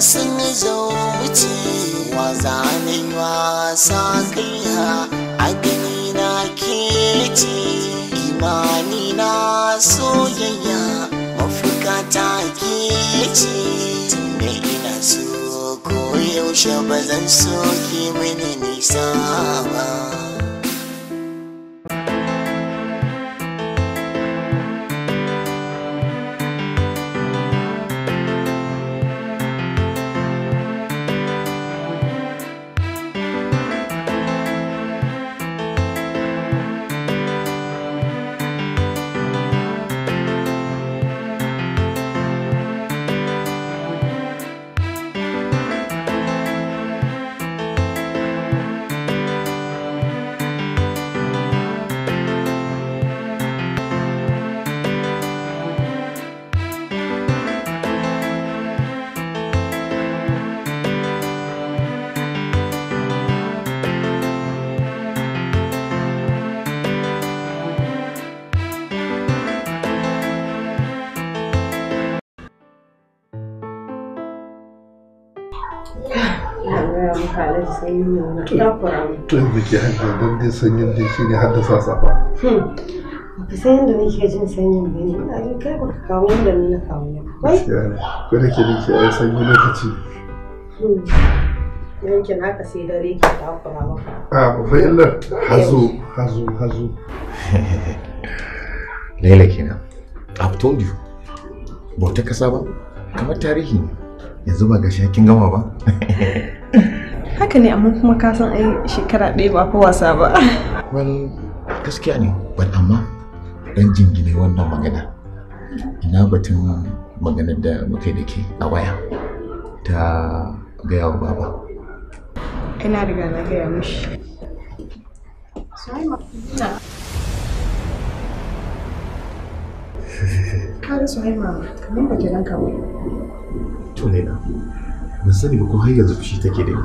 sun zo wuce wa zanen wasa kaiya abini na keci imani na soyayya mafuka ta ce tunda ina so koyaushe ba zan soke mini nisa ba sanyin nan ne shi ne safa. Hmm. san yadda nake jin sanyin ba ne, kai baka kawo yadda ni ne. ne, ke nake sanyi lokaci. Hmm. sai dare ke takura A ah, babban hazo, hazo, hazo. Laila kenan. I've told you. Bauta kasa ba, kamar tarihi yanzu ba ga shakin gama ba. haka ne amma kuma ka san ai shekara ɗaya ba fa wasa ba well gaskiya ne but amma dan jingine wannan magana ina batun maganar da muke da ke a waya ta gaya wa baba ina riga na gaya mishi Kare Suhaima, kamar ba ke nan kawai. To ne na, ban sani ba ko har yanzu fushi take da ni.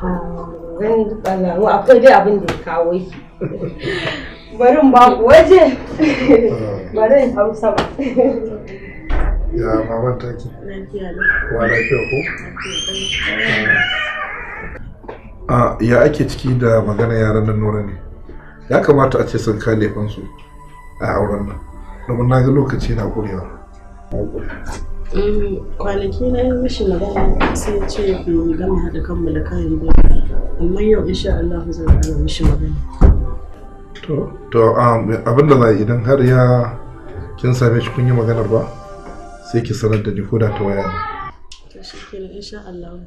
Zan ah, alamu akwai dai abin da ya kawo ki. Barin ba ku waje. Barin hau sama. Ya maman taki. Wa lafiya ko? A ya ake ciki da magana yaran nan nora ne. Ya kamata a ce sun kale fansu a auren nan. Domin na ga lokaci na kurewa. Eh, kwanaki na yi mishi magana sai ya ce mu gama haɗa kanmu da kayan ba amma yau insha Allah zan fara mishi magana to to um, abin da za idan har ya kin same shi kun yi maganar ba sai ki sanar da ni ko da ta waya ne to shi insha Allah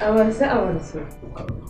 awarsu awarsu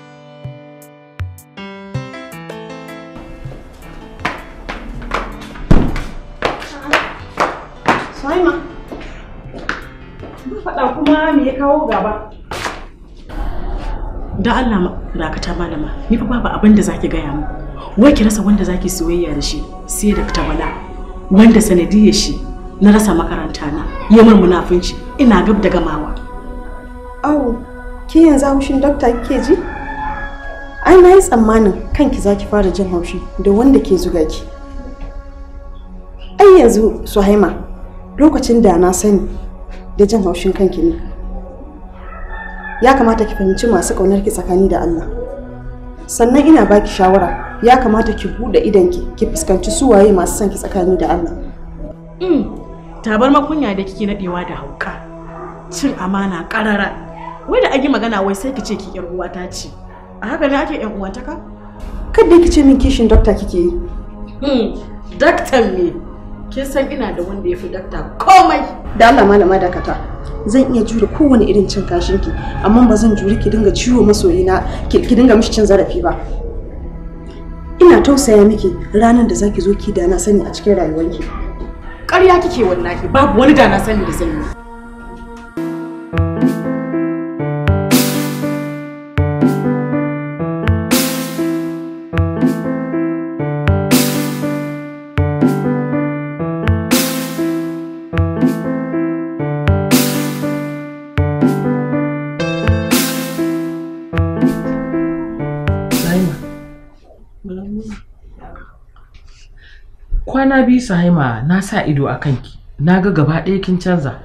kawo gaba da Allah dakata malama ni fa babu abin da zaki gaya mu wai ki rasa wanda zaki soyayya da shi sai da ta bala wanda sanadiyar shi na rasa makaranta na ya mun munafunci ina gab da gamawa awo ki yanzu haushin dokta kike ji ai na yi tsammanin kanki zaki fara jin haushi da wanda ke zuga ki ai yanzu suhaima lokacin da na sani da jin haushin kanki ne ya kamata ki fahimci masu ƙaunar ki tsakani da Allah sannan ina baki shawara ya kamata ki buɗe idanki ki fuskanci su waye masu son ki tsakani da Allah mm, tabar makunya da kike nadewa da hauka cin amana karara wai da agi magana wai sai ki ce ki yar uwata ce a haka ne ake yan uwata ka Kad da ce min kishin dokta kike yi hmm, daktan me kin san ina da wanda ya fi dakta komai da Allah malama dakata zan iya jure kowane irin cin kashin ki amma ba zan jure ki dinga ciwo masoyina ki dinga mishi cin zarafi ba ina tausaya miki ranar da zaki zo ki dana sani a cikin rayuwarki ƙarya kike wallahi babu wani dana sani da zan yi na bi sahima na sa ido a kanki na ga gaba ɗaya kin canza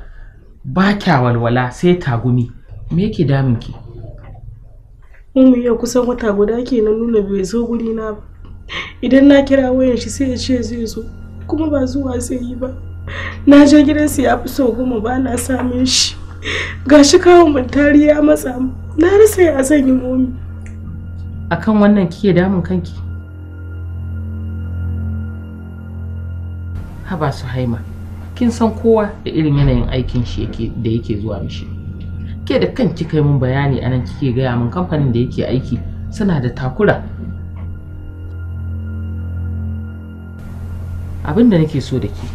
ba kya walwala sai tagumi me yake damun ki mu ya kusan wata guda ke na nuna bai zo guri na ba idan na kira wayan shi sai ya ce zai zo kuma ba zuwa sai yi ba na je gidansa ya fi so goma ba na samun shi gashi kawo mun tari ya matsa na rasa ya zan yi momi akan wannan kike damun kanki haba su haima kin san kowa da irin yanayin aikin shi da yake zuwa mishi ke da kan kika yi mun bayani anan kike gaya min kamfanin da yake aiki suna da takura abin da nake so da ke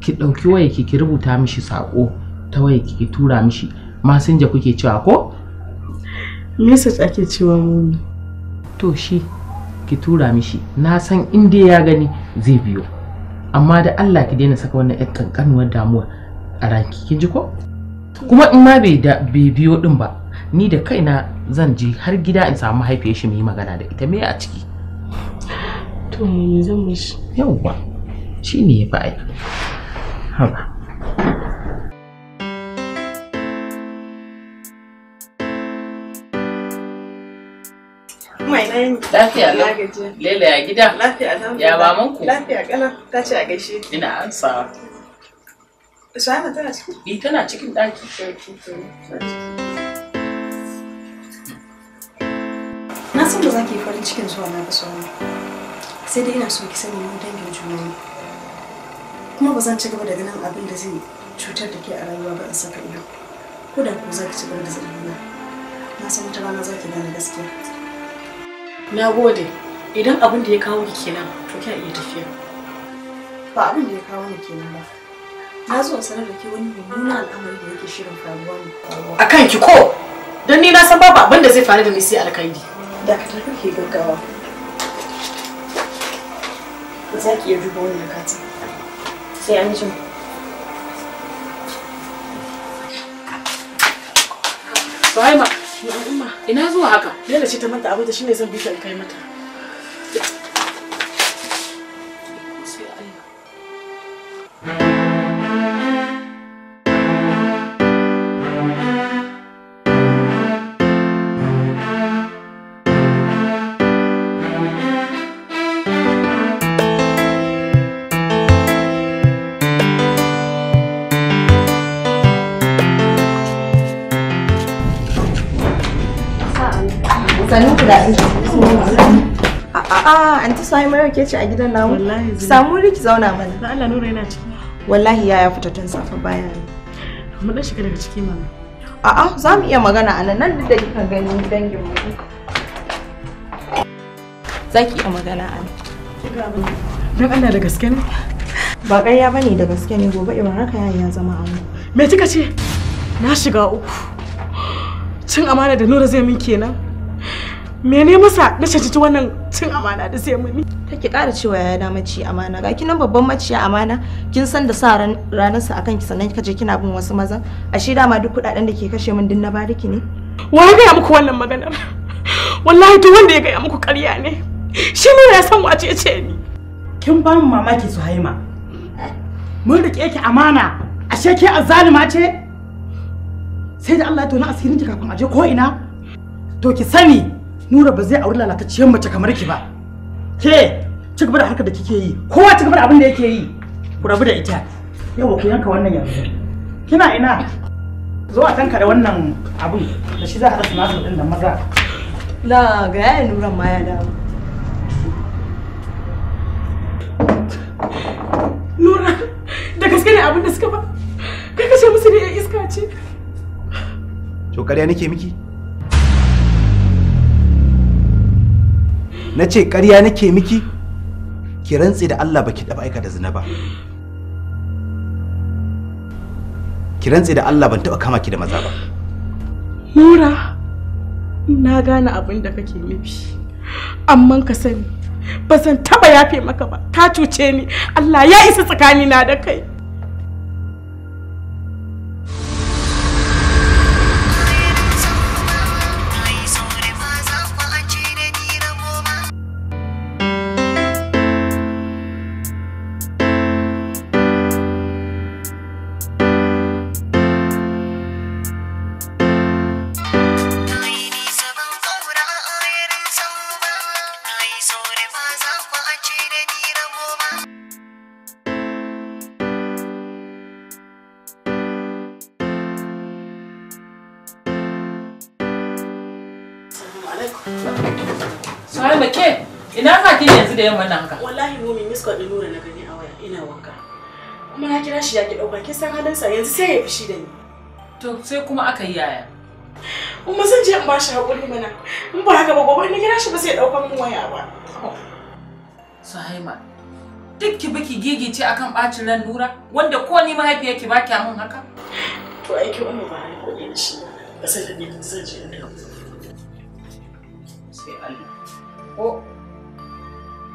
ki ɗauki waya ki rubuta mishi sako ta waya ki tura mishi masinja kuke cewa ko message ake cewa mummy to shi ki tura mishi na san inda ya gani zai biyo amma da Allah ki daina saka wannan yan kankanuwar damuwa a ranki kin ji ko kuma in ma bai biyo din ba ni da kaina zan je har gida in samu haifiyar shi mu magana da ita me a ciki to me zan mishi yawwa shine ya fi haba Lafiya lele a gida. Ya ba ku. Lafiya kana ta ce a gaishe. Ina ansa. Shana tana cikin? Ni e, tana cikin ɗaki. Na san da zaki farin cikin zuwa na ga Sai dai ina so ki sani mun dangin juna ne. Kuma ba zan ci gaba da ganin abin da zai cutar da ke a rayuwa ba in saka ido. Ko da ku za ki ci gaba da zargina. Na san wata rana za ki gane gaskiya. Na gode. Idan abin da ya kawo ki kenan, to kya iya tafiya. Ba abin da ya kawo ni kenan ba. Na zo sanar da ke wani mummunan al'amari da yake shirin faruwa ne. A kan ki ko? Don ni na san babu abin da zai faru da ni sai alkaidi. Da ka tafi ke gaggawa. Za ki iya duba wannan katin. Sai an Sai ma. Ina zuwa haka? Dole ce ta manta abinta shine zan bi ta kai mata. A'a, anti Samira ke ce a gidan namu. Wallahi Samu riki zauna mana. Da Allah Nura yana ciki. Wallahi yaya fita tun safa baya. Mu dan shiga daga ciki mana. A'a, za mu iya magana a nan nan da kika gani dangin mu. Za ki iya magana a nan. Don Allah da gaske ne? Ba ƙarya bane da gaske ne gobe Ibrahim haka ya zama amu. Me kika ce? Na shiga uku. Cin amana da Nura zai min kenan. mene masa na cancanci wannan cin amana da sai muni ki kara cewa ya na mace amana ga kinan babban maciya amana kin san da sa ranar sa akan ki sannan kaje kina bin wasu mazan ashe dama duk kudaden da ke kashe min din na bariki ne wai ga muku wannan maganar wallahi to wanda ya ga muku ƙarya ne shi ne ya san wace ce ni kin ba mu mamaki haima mun rike ki amana ashe ke azalima ce sai da Allah ya tona asirin ki kafin aje ko ina to ki sani nura ba zai auri lalatacciyar mace kamar ki ba ke ci gaba da harkar da kike yi kowa ci gaba da abin da yake yi ku rabu da ita yau ku yanka wannan yanzu kina ina zo a tanka da wannan abin da shi za a rasa nasu din da maza la ga yaya Nura ma ya dawo nura da gaske ne abin da suka ba kai kashe musu ne iska ce to kariya nake miki na ce ƙarya nake miki ki rantse da Allah baki taɓa aikata zina ba ki rantse da Allah ban taɓa kama ki da maza ba Nura na gane abin da kake nufi amma ka sani ba zan taɓa yafe maka ba ka cuce ni Allah ya isa tsakani na da kai da yamma nan haka wallahi mu miss call din nura na gani a waya ina wanka kuma na kira shi ya ki dauka kin san halin sa yanzu sai ya fushi da ni to sai kuma aka yi yaya kuma zan je in ba shi hakuri mana in ba haka ba gobe ni kira shi ba sai ya dauka min waya ba oh. Sahaima duk ki biki gigice akan bacin ran Nura wanda ko ni mahaifiyar ki baki mun haka to ki umma ba ni kuɗi shi ba sai da ni zan je in sai Allah ko oh.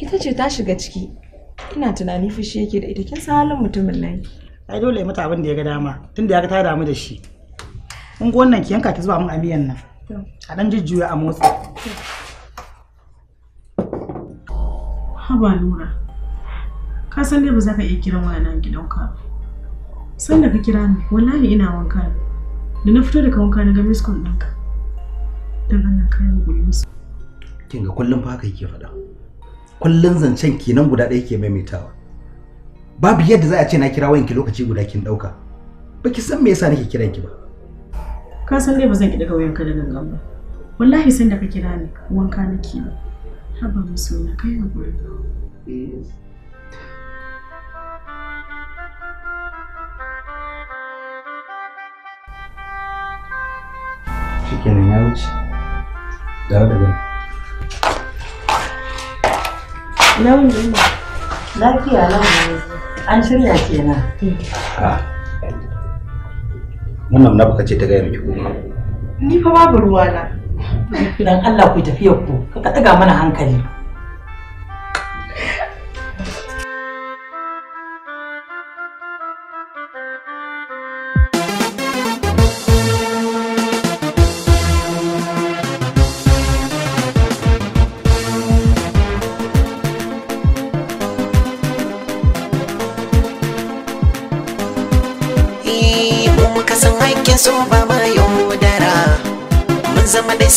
ita ce ta shiga ciki ina tunani fushi yake da ita kin san halin mutumin nan ai dole mata abin da ya ga dama tunda ya ga ta damu da shi kun ga wannan ki yanka ta zuwa mun amiyan nan a dan jujjuya a motsa haba nura ka san dai ba za ka iya kiran wayannan gidanka san da ka kira ni wallahi ina wanka da na fito daga wanka na ga miskon ɗinka don Allah ka yi wa kin ga kullum fa haka yake faɗa kullun zancen kenan guda ɗaya ke maimaitawa babu yadda za a ce na kira wayanki lokaci guda kin ɗauka baki san me yasa nake kiran ki ba ka san dai ba zan ki daga wayanka da gangan ba wallahi san da ka kira ni wanka nake ba haba na kai shikenan ya wuce dawo da gani Launin ba. Lafiya ne. an shirya kenan. Wannan na baka ce ta gaya miki kuma. Ni fa babu ruwa na. Dan Allah ku tafiya ku, ka ɗaga mana hankali.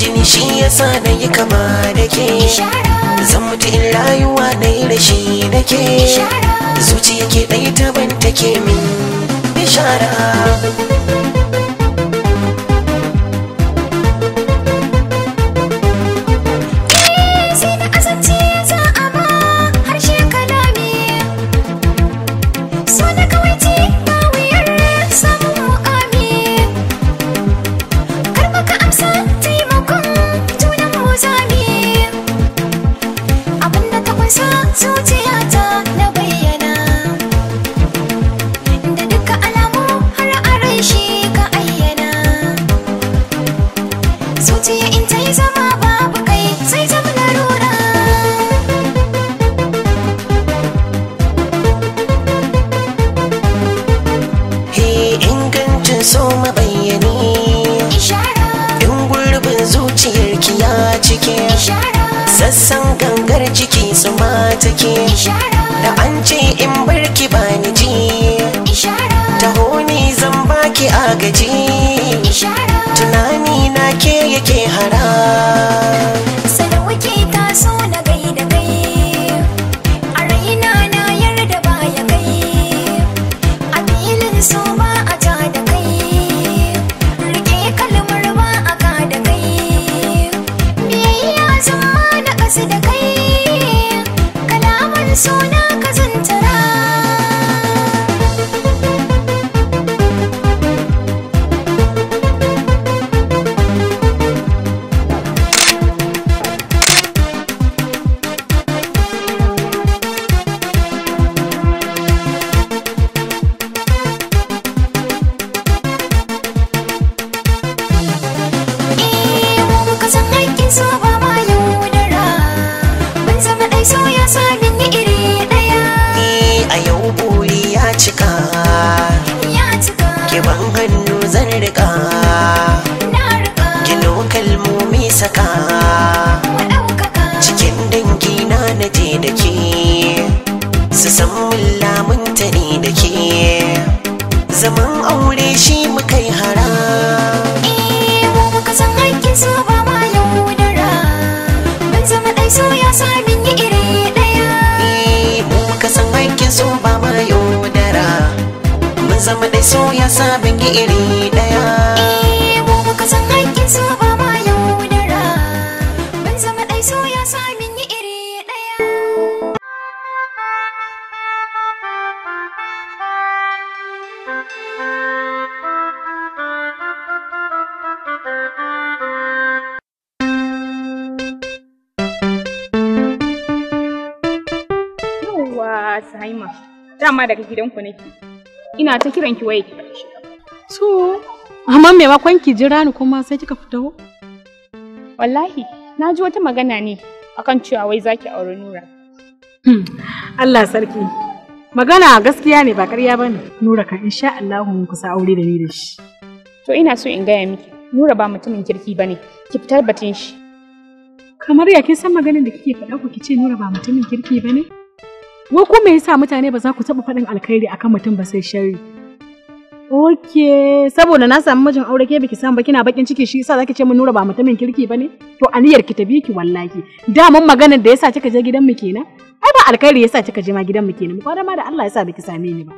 jini shi ya sa na yi kama da ke zan mutu in rayuwa na yi rashi da ke zuciya ke ɗaya ta ban take min bishara gidanku nake ina ta kiran ki waye ki bar shiga so amma maimakon ki jira ni kuma sai kika fito wallahi na ji wata magana ne akan cewa wai zaki aure Nura hmm, Allah sarki magana gaskiya ne ba ƙarya bane Nura kan insha Allah mun kusa aure da ni da shi to ina so in gaya miki Nura ba mutumin kirki bane ki fitar batun shi kamar ya kin san maganin da kike faɗa ku ki ce Nura ba mutumin kirki bane Wai ko me yasa mutane ba za ku taɓa faɗin alkhairi akan mutum ba sai sharri? Oke, saboda na samu mijin aure ke biki samu ba kina bakin ciki shi yasa zaki ce mun nura ba mutumin kirki bane? To aniyar ki ta bi ki wallahi. Daman magana da yasa kika je gidan mu kenan? Ai ba alkhairi yasa kika je ma gidan mu kenan. Ko ma da Allah yasa biki same ni ba.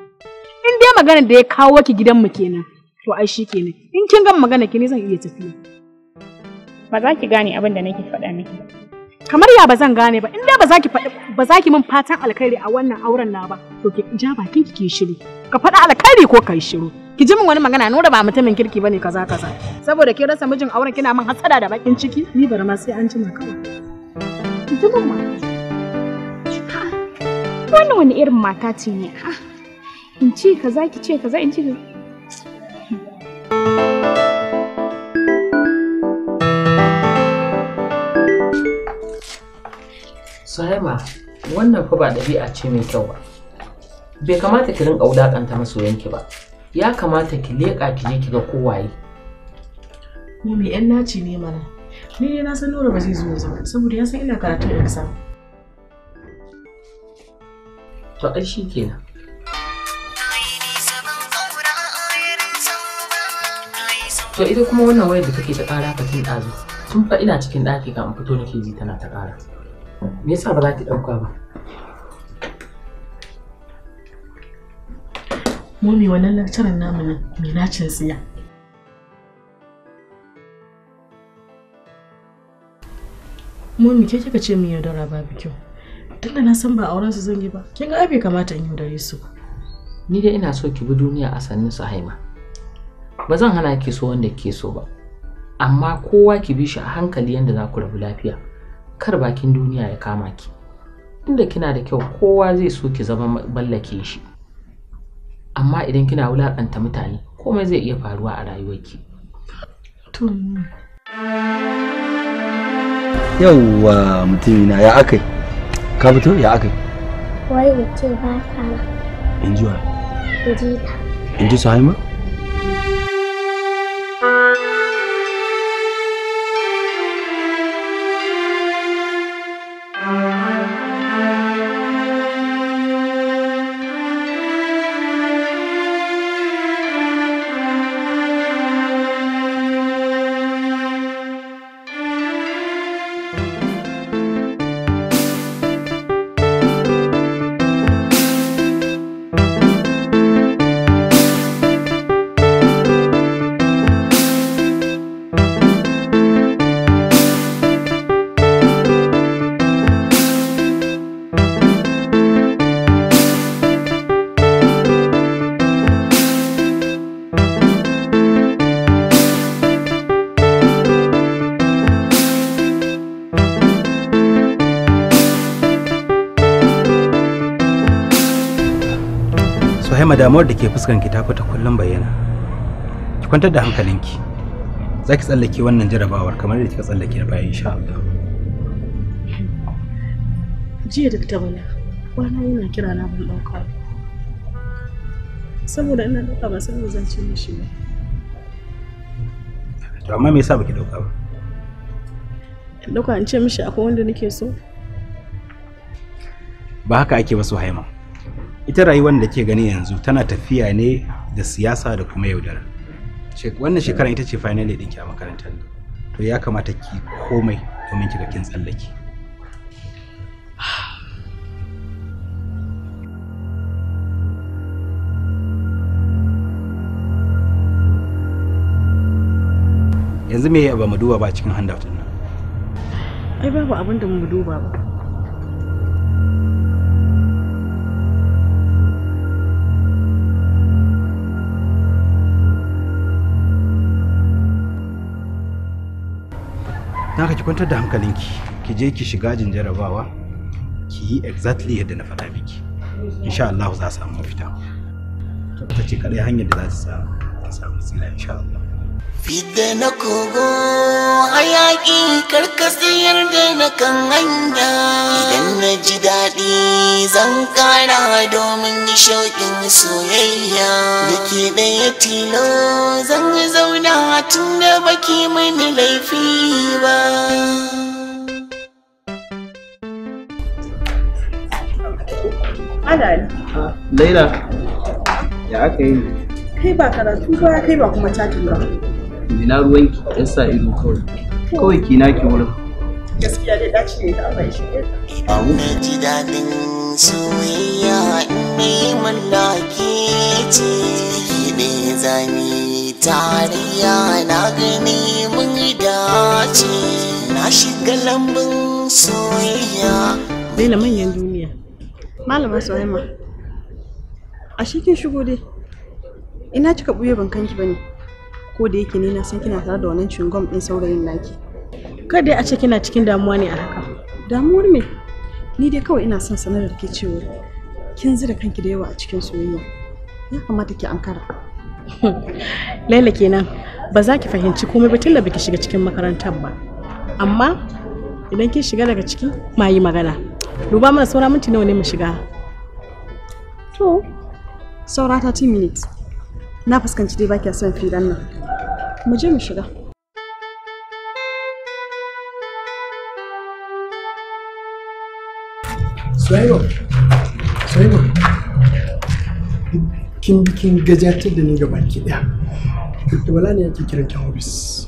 In dai magana da ya kawo ki gidan mu kenan. To ai shi kenan. In kin gama magana ki zan iya tafiya. Ba za ki gane abin da nake faɗa miki ba. kamar ya ba zan gane ba in dai ba za ki faɗi ba za ki min fatan alkhairi a wannan auren na ba to ki ja bakin ki ki shiru ka fada alkhairi ko kai shiru ki ji min wani magana nura ba mutumin kirki bane kaza kaza saboda ki rasa mijin auren kina min hatsada da bakin ciki ni bar ma sai an jima kawai ki ji min ma wannan wani irin mata ce ne in ce kaza ki ce kaza in ce kaza Suhaima, wannan fa ba ɗabi'a ce mai kyau ba. Bai kamata ki rinƙa wulaƙanta masoyanki ba. Ya kamata ki leƙa ki je ki ga kowaye. mai ‘yan naci ne mana. Ni dai na san Nura ba zai zo yanzu saboda ya san ina karatun sa. To ai shi kenan. To ita kuma wannan wayar da take ta ƙara ka tun ɗazu. Tun fa ina cikin ɗaki kan fito nake ji tana ta ƙara. me yasa ba za ki ɗauka ba Mumi wannan lakcarar namu ne mai nacin siya Mumi ke kika ce min yaudara dora kyau. Tunda na san ba auren su zan yi ba, kin ga bai kamata in yaudare su Ni dai ina so ki bi duniya a sannin su haima. Ba zan hana ki so wanda ke so ba. Amma kowa ki bi shi a hankali yadda za ku rabu lafiya. kar bakin duniya ya kama ki inda kina da kyau kowa zai so ki zama ballake shi amma idan kina wulaƙanta mutane komai zai iya faruwa a rayuwarki yauwa mutumina ya akai ka fito ya akai wai ce ba ka in ji wa in ji ta in ji su haima Umma damuwar da ke fuskanki ta fita kullum bayyana. Ki kwantar da hankalinki. Za ki tsallake wannan jarabawar kamar da kika tsallake da baya insha Allah. Jiya da ta bana, kwana yana kira na ban dauka Saboda ina dauka ba san zan ce mishi ba. To amma me yasa baki dauka ba? dauka an ce mishi akwai wanda nake so? Ba haka ake ba su haima. ita rayuwar da ke gani yanzu tana tafiya ne da siyasa da kuma yaudara wannan shekara ita ce final ɗinki a makarantar to ya kamata ki komai domin ga kin tsallake yanzu me ba mu duba ba cikin handout nan ai babu abin da mu duba ba ka ki kwantar da hankalinki ki je ki shiga jin jarabawa ki yi exactly yadda na faɗa miki insha Allah za a samu mafita ta ce kaɗai hanyar da za ta samu insha Allah fidda na kogo hayaki karkasiyar da na kan hanya idan na ji daɗi zan ƙara domin shauƙin soyayya da ke ɗaya tilo zan yi zauna tun da baki mini laifi ba Laila, ya aka yi? Kai ba karatu ba, kai ba kuma cakin ba. ina ruwanki ya sa ido kawai kawai ki ki wurin gaskiya dai dace ne ta Allah shi ba mu ji dadin soyayya ni mallaki ce ne zani tariya na gani mun dace na shiga lambun soyayya na manyan duniya malama soyayya a shi kin shigo dai ina kika buye bankanki bane ko da yake ni na san kina tare da wannan cingom din saurayin naki kada a ce kina cikin damuwa ne a haka damuwar me ni dai kawai ina son sanar da ke cewa kin zira kanki da yawa a cikin soyayya ya kamata ki ankara laila kenan ba za ki fahimci komai ba tun da baki shiga cikin makarantar ba amma idan kin shiga daga ciki ma yi magana duba mana saura minti nawa ne mu shiga to saura 30 minutes na fuskanci dai baki son fidan nan mu je mu shiga Suwaiba, Suwaiba, kin kin gajatar da ni ga baki ɗaya. Da wala ne yake kiran kyan hobbies.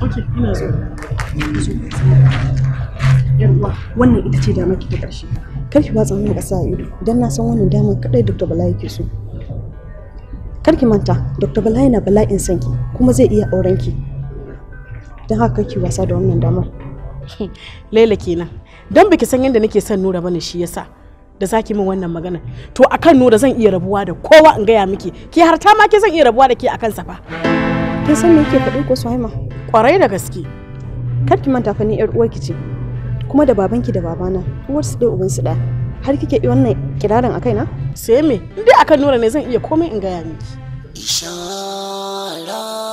Ok, ina zo. Yarwa, wannan ita ce damar ki ta ƙarshe. Kar ki watsa mun ƙasa ido, don na san wannan damar kaɗai Dr. Bala yake so. ki manta dr bala yana bala'in kuma zai iya auren don haka kake wasa da wannan damar laila kenan don biki san yadda nake son nura bane shi yasa da zaki min wannan magana to akan nura zan iya rabuwa da kowa in gaya miki ki har ta ma ke zan iya rabuwa da ke akan sa fa kin san me yake faɗi ko Suhaima kwarai da gaske kar ki manta fa ni yar uwarki ce kuma da babanki da babana uwarsu ɗaya ubansu ɗaya har kike yi wannan kirarin a kaina. sai me in dai akan nura ne zan iya komai in gaya miki ishara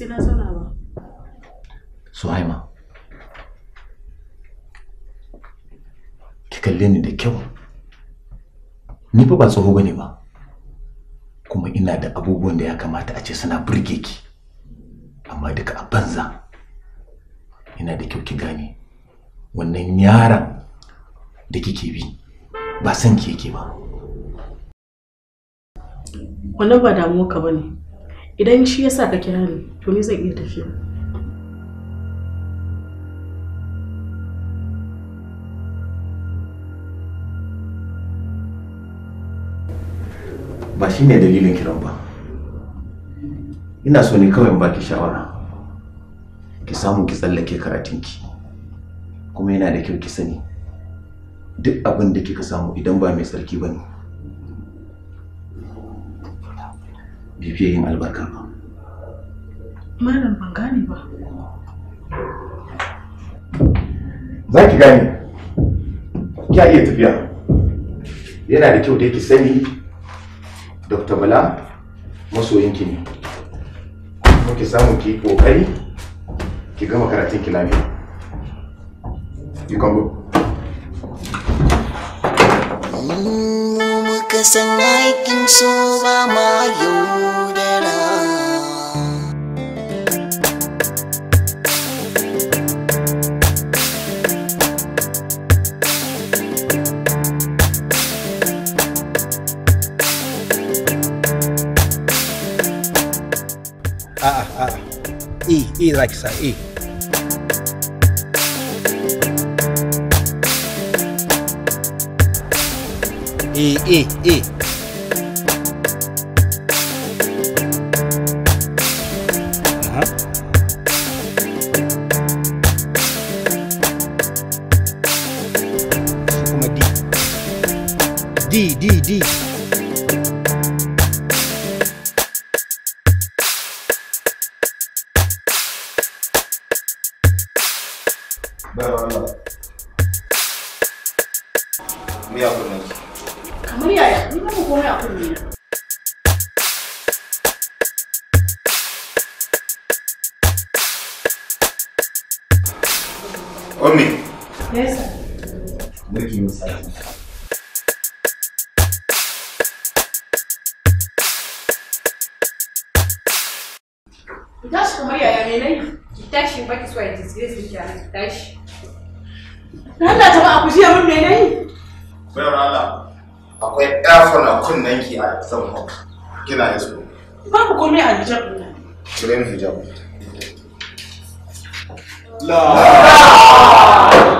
sai Suhaima. Ki kalle ni da kyau. Ni fa ba tsoho bane ba. Kuma ina da abubuwan da ya kamata a ce suna burge ki. Amma duka a banza. Ina da kyau ki gane. Wannan yaran da kike bi ba san ki yake ba. Wannan ba damuwa ka bane. idan shi ya sa ka kira ni to ni zan iya tafiya ba shi ne dalilin kiran ba ina so ni kawai ba ki shawara ki samu ki tsallake ki kuma yana da kyau ki sani duk abin da kika samu idan ba mai tsarki ba ne bai yin albarka ba malam ban gane ba za ki gane kya iya tafiya yana da kyau da yake sani dr bala masoyinki ne kuma ki samu ki kokari ki gama karatun ki lafiya you can go ka san aikin so ba ah, ah, ah. e, e like sa, e. Eh, uh-huh. eh, eh. Aha. Kuma D, D, D. kunnen ki a kan hau kina yi su babu komai a hijab ɗin kiran hijab la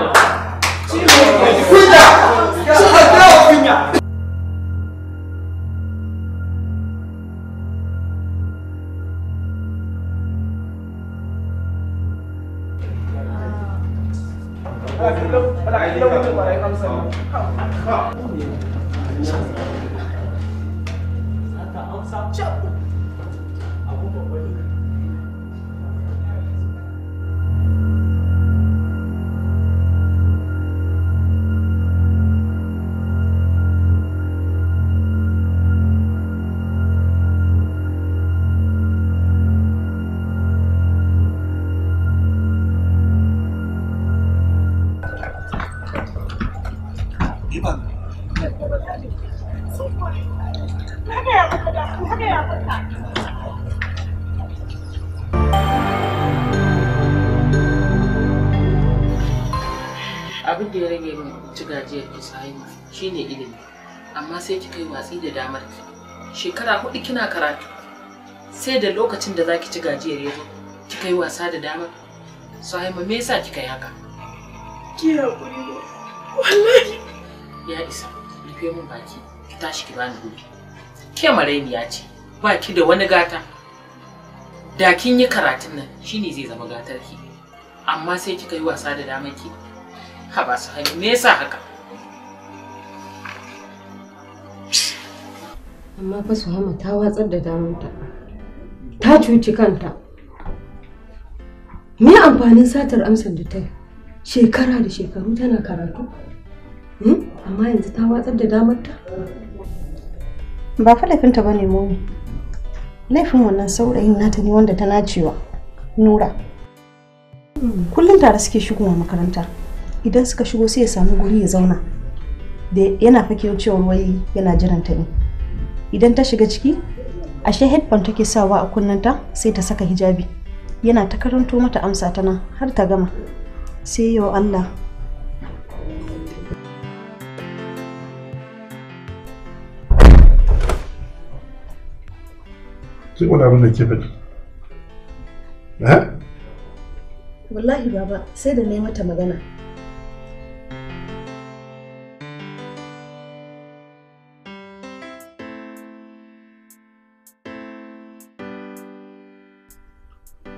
lokacin da zaki ci gajiyar yau kika yi wasa da dama su haima me yasa kika yi haka ki hakuri ne wallahi ya isa rufe mun baki ki tashi ki bani gobe ke ya ce ba ki da wani gata da kin yi karatun nan shine zai zama gatar ki amma sai kika yi wasa da dama ki ha ba su haima me yasa haka amma fa su hama ta watsar da damunta ta cuci kanta me amfanin satar amsar da ta yi shekara da shekaru tana karatu hmm? amma yanzu ta watsar da damarta ba fa laifinta ba ne momi laifin wannan saurayin nata ne wanda ta nacewa nura kullum tare suke shigowa makaranta idan suka shigo sai ya samu guri ya zauna da yana fakewa cewa wai yana jiranta ne idan ta shiga ciki ashe headphone take sawa a kunnanta sai ta saka hijabi yana ta karanto mata amsa ta nan har ta gama sai yau Allah sai wani abin da ke faɗi eh? wallahi baba sai da na mata magana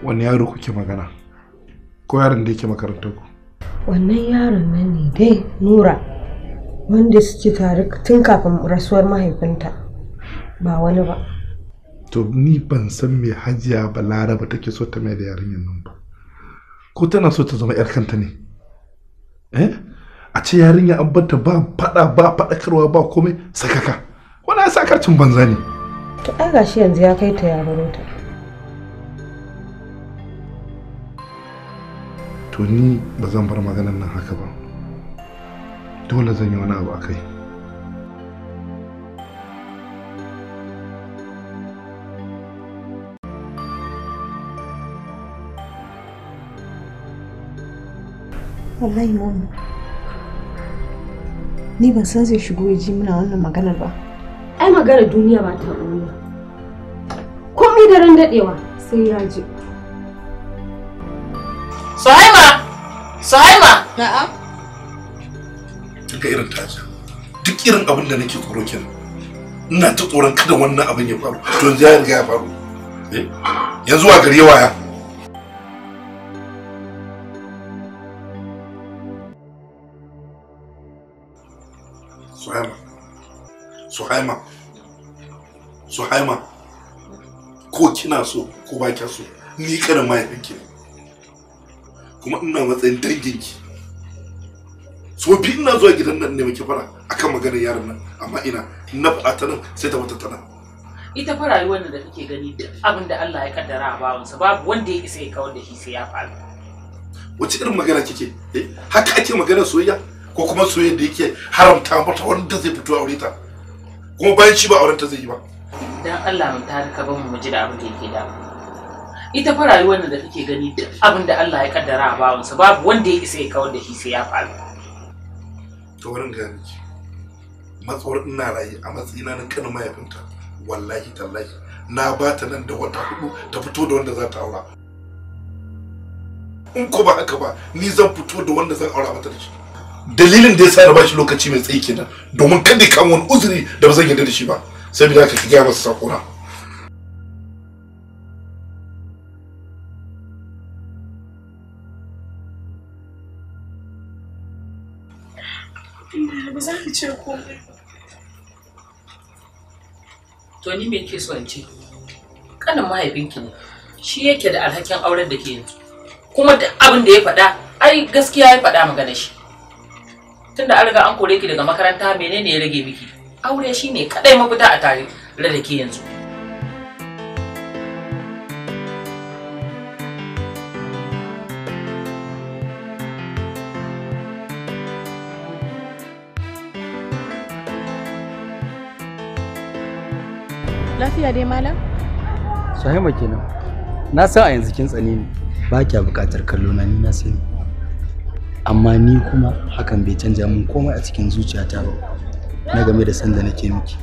wani yaro kuke magana ko yaron da yake makarantar ku wannan yaron nan ne dai nura wanda suke tare tun kafin rasuwar mahaifinta ba wani ba to ni ban san me hajiya ba balaraba take so ta mai da yarinyar nan ba ko tana so ta zama 'yar kanta ne eh? a ce yarinya an abbata ba fada ba fadakarwa ba komai sakaka wani sakarcin banza ne to ai gashi yanzu ya kai ta ya to ni ba zan bar maganar nan haka ba dole zan yi wani abu a kai wallahi mom ni ban san zai shigo ya ji muna wannan maganar ba ai maganar duniya ba ta ɓoye komai daren daɗewa sai ya ji Suhaima. Na'am. Daga irin taja. Duk irin abin da nake tsoro kenan. Ina ta tsoron kada wannan abin ya faru. To yanzu ya riga ya faru. Eh? Yanzu wa gari waya. Suhaima. Suhaima. Suhaima. Ko kina so ko ba kya so ni karin mahaifinki ne. kuma ina matsayin danginki bi ina zuwa gidan nan ne muke fara akan maganar yaron nan amma ina na faɗa ta nan sai ta wata tana ita fa rayuwar nan da kake gani duk abin da Allah ya kaddara a bawansa babu wanda ya isa ya kawar da shi sai ya faru wace irin magana kike eh haka ake magana soyayya ko kuma soyayya da yake haramta mata wanda zai fito aure ta kuma bayan shi ba auren ta zai yi ba dan Allah mun tarika ban mu ji da abin da yake da ita fa rayuwar nan da kake gani duk abin da Allah ya kaddara a bawansa babu wanda ya isa ya kawar da shi sai ya faru to wurin ga miki matsawar ina rayu a matsayina na kanin mahaifinta wallahi tallahi na ba ta nan da wata hudu ta fito da wanda za ta aura in ko ba haka ba ni zan fito da wanda zan aura mata da shi dalilin da ya sa na bashi lokaci mai tsayi kenan domin kada ya wani uzuri da ba zan yarda da shi ba sai bi da ka gaya masa sakona ce komai to ni me ke so in ce kanin mahaifinki ne shi yake da alhakin auren da ke yanzu kuma duk abin da ya faɗa ai gaskiya ya faɗa magana shi tunda an riga an kore ki daga makaranta menene ya rage miki aure shine kadai mafita a tare da ke yanzu Lafiya dai malam? sahima kenan. Na san a yanzu kin tsani ne. Ba kya buƙatar kallo na ni na sani. Amma ni kuma hakan bai canja min komai a cikin zuciyata ba. Na game da sanda nake miki.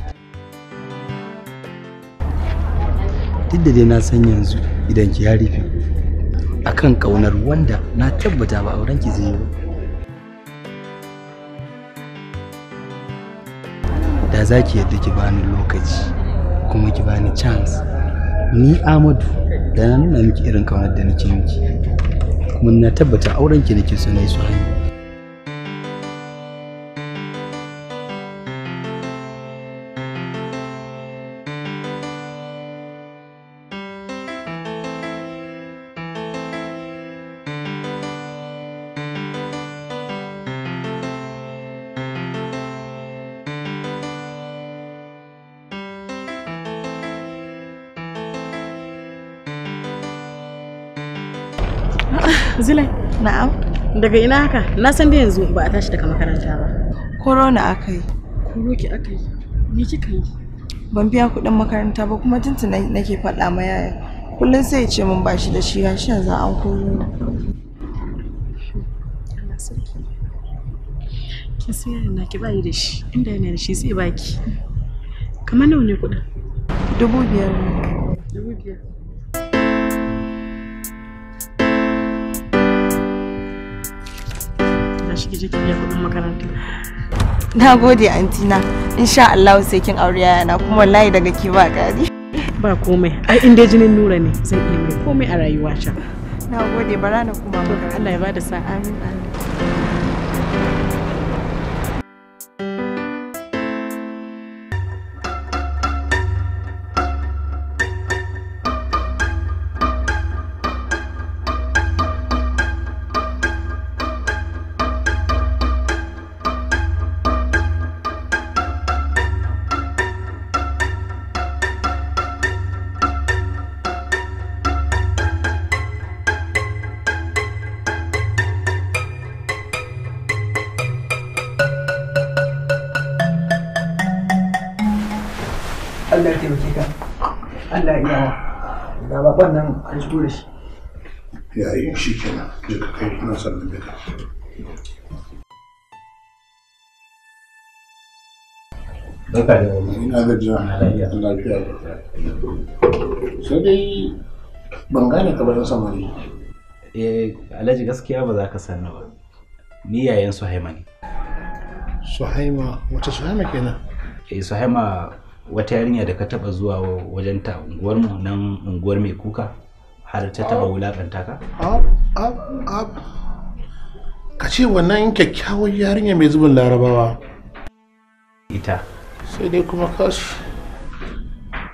Duk da dai na san yanzu idan ki ya rufe akan ƙaunar wanda na tabbata ba auren ki zai yi ba. da zaki ki yadda ki bani lokaci kuma ki bani chance ni amadu da na nuna miki irin kaunar da nake miki kuma na tabbata auren ki nake so na su hannu daga ina haka na san da yanzu ba a tashi daga makaranta ba corona aka yi koro ki aka yi me kika yi ban biya kuɗin makaranta ba kuma tuntuna nake faɗa ma yaya kullum sai ya ce min ba shi da shi ya shi yanzu an koro kin san na naki ba yi da shi inda yana da shi zai baki kamar nawa ne kuɗin dubu biyar ne je ki biya kuɗin makaranta na gode antina insha Allah sai kin aure yana kuma wallahi daga ki ba gari ba komai ai in dai jinin nura ne zan iya mai komai a rayuwata na gode barana kuma Allah ya bada sa'a amin an shigo da shi yayin shi kenan jika kai na sannan da ban gane ka barin sama ne. Eh, Alhaji gaskiya ba za ka sanna ba. Ni yayan Suhaima ne. Suhaima, wace Suhaima kenan? Eh, Suhaima wata yarinya da ka taba zuwa wajen ta unguwar mu nan unguwar mai kuka. har ta taba wulakanta ka? ka ce wannan kyakkyawar yarinya mai zubin larabawa ita sai dai kuma kashi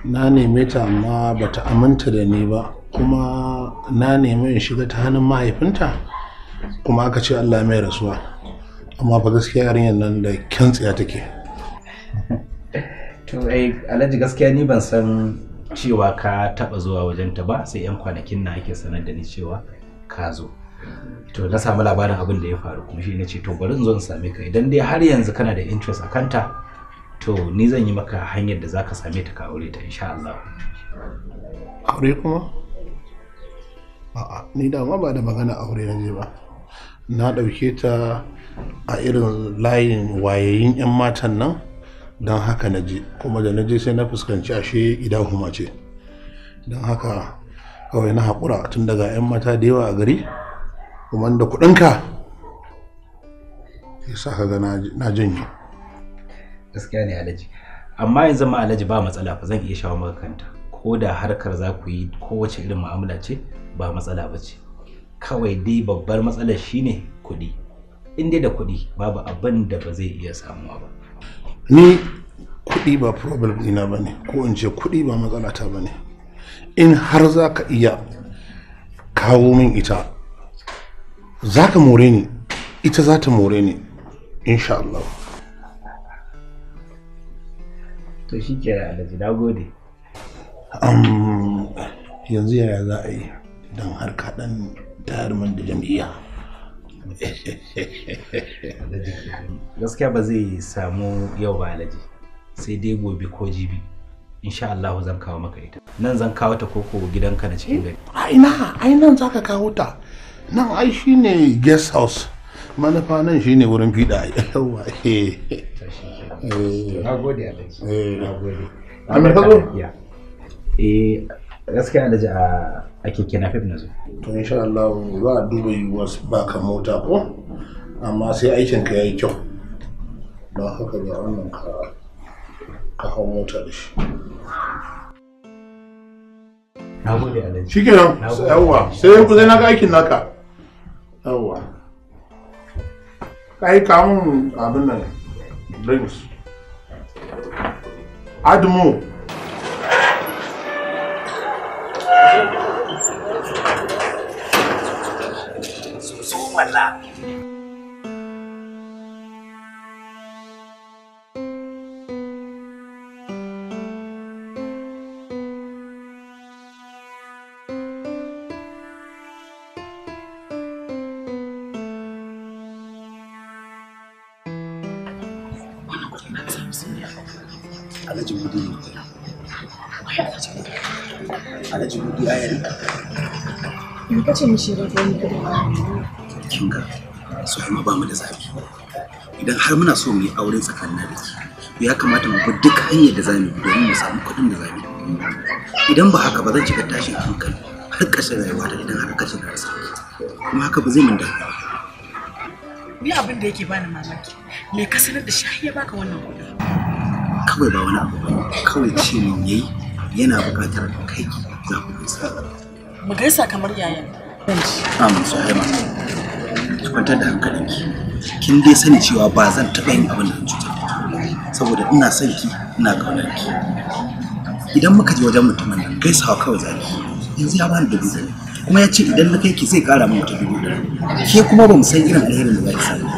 na neme ta amma bata aminta da ni ba kuma na neme in shiga ta hannun mahaifinta kuma aka ce allah mai rasuwa amma ba gaskiya yarinyar nan da kyan tsiya take to ai alhaji gaskiya ni ban san cewa ka taba zuwa wajenta ba sai 'yan kwanakin na ake sanar da ni cewa ka zo to na samu labarin abin da ya faru kuma shi na ce to bari in zo in same ka idan dai har yanzu kana da interest a kanta to ni zan yi maka hanyar da zaka same ta ka aure ta insha Allah aure kuma a'a ni da ma ba da magana aure ne ba na ɗauke ta a irin layin wayayin 'yan matan nan don haka na je kuma da na je sai na fuskanci ashe idan huma ce don haka kawai na haƙura tun daga 'yan mata da yawa a gari kuma da kuɗinka ya sa ka ga na janye gaskiya ne alaji amma yanzu zama alaji ba matsala ba zan iya shawo maka kanta ko da harkar za ku yi kowace irin ma'amula ce ba matsala ba ce kawai dai babbar matsalar shine kuɗi in dai da kuɗi babu abin da ba zai iya samuwa ba ni kuɗi ba problem ɗina ba ne ko in ce kuɗi ba matsalata ba ne in har za ka iya kawo min ita za ka more ni ita za ta more ni insha Allah to shi ke alaji na gode yanzu yaya za a yi don har kaɗan tayar da jam'iyya gaskiya ba zai samu yau ba alaji sai dai gobe ko jibi insha Allah zan kawo maka ita nan zan kawo ta koko gidanka na cikin gari a ina ai nan zaka kawo ta nan ai shine guest house manufa nan shine wurin fiɗa yawa eh na alaji eh eh gaskiya da ji a keke na na zo to insha Allah za a duba yiwuwar baka mota ko amma sai aikin ka yayi kyau don haka da wannan ka ka hau mota da shi na gode alhaji shikenan yawwa sai ku zai naka aikin naka yawwa kai kamun abin nan drinks Admo. ce mishi da kai su ba mu da zafi idan har muna so mu yi aure tsakanin da ki ya kamata mu bi duk hanyar da zamu bi domin mu samu kuɗin da zamu idan ba haka ba zan shiga tashin hankali har ƙarshen rayuwa da idan har ƙarshen rayuwa kuma haka ba zai min da ni abin da yake bani mamaki me ka sanar da ya baka wannan kawai ba wani abu kawai ce yayi yana buƙatar kai ki za ku gaisa mu gaisa kamar yayan Am Suhaima, ki kwantar da hankalinki. Kin dai sani cewa ba zan taɓa yin abin da cutar da saboda ina son ki ina ƙaunar ki. Idan muka je wajen mutumin nan gaisawa kawai zaki. Yanzu ya bani dubu ɗari. Kuma ya ce idan na kai ki zai ƙara min wata dubu ɗari. Ke kuma ba mu san irin alherin da za ki samu.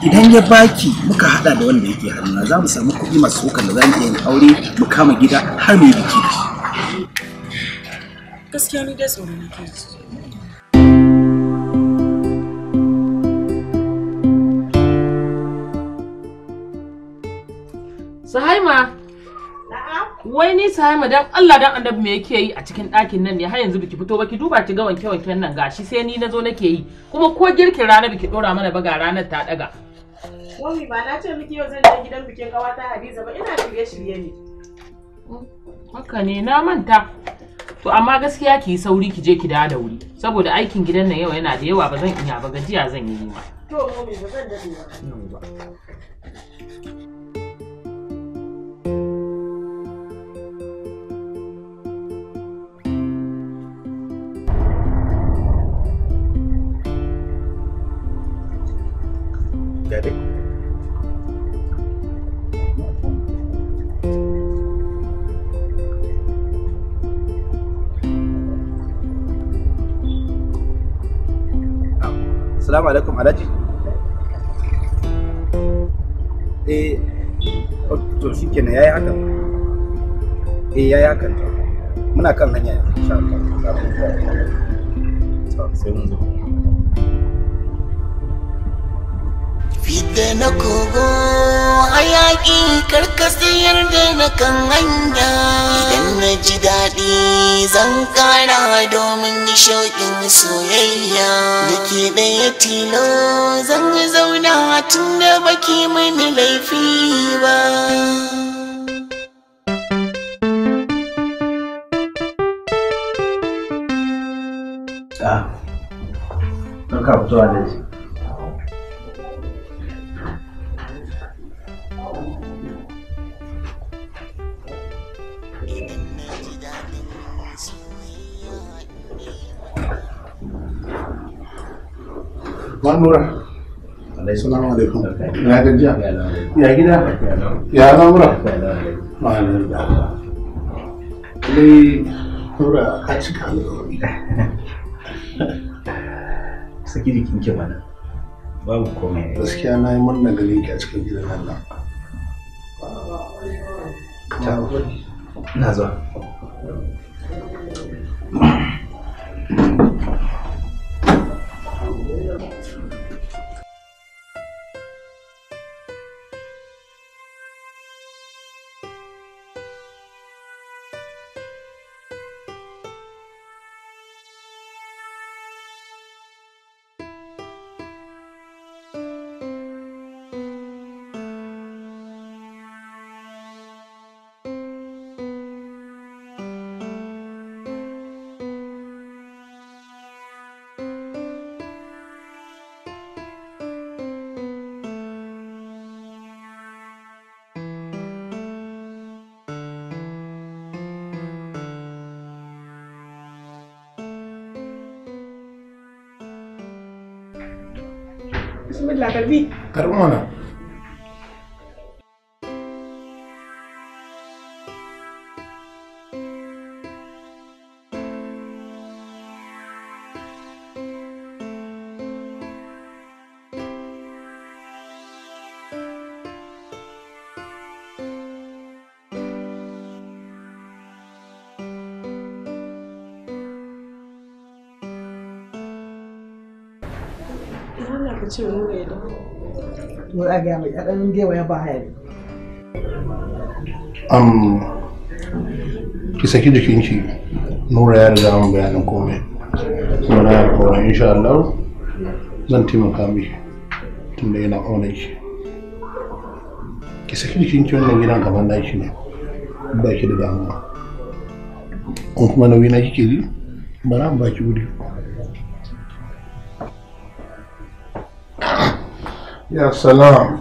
Idan ya baki muka haɗa da wanda yake hannuna za mu samu kuɗi masu tsokan da za mu iya yin aure mu kama gida har mu yi biki da shi. Gaskiya ni dai tsoro nake wai ni mu dan Allah dan annabi me yake yi a cikin ɗakin nan ne har yanzu biki fito ba duba ki ga wanke wanken nan gashi sai ni nazo nake yi kuma ko girkin rana biki dora mana ba ranar ta daga Mami ba na ce miki yau zan je gidan bikin kawata Hadiza ba ina shirye shirye ne Haka ne na manta to amma gaskiya ki sauri ki je ki dawo da wuri saboda aikin gidan nan yau yana da yawa ba zan iya ba gajiya zan yi ma To mami ba zan dade ba jadi Assalamualaikum alaikum Alhaji. Eh, oh, to shi kenan yayi hakan. Eh, yayi hakan. Muna kan hanya insha Allah. sai mun zo. da na kogo hayaki sayar da na kan hanya idan na ji daɗi zan ƙara domin shauƙin soyayya da ke ɗaya tilo zan zauna tun da baki mini laifi ba ah, Barka fitowa da shi. nura Ya gajiya. Ya gida. Ya lamura. Dai nura ka cika alƙawari. Saki jikin ki mana. Babu komai. Gaskiya na yi murna gani ki a cikin gidan nan. Ta. Na zuwa. Calví. Carmona. to za ga ki nura ya riga mun bayanin komai nura ya kora insha Allah zan taimaka miki tunda yana auna ki ki wannan gidan kamar daki ne ba ki da damuwa in kuma nauyi na kike ji ba na ba ki wuri يا سلام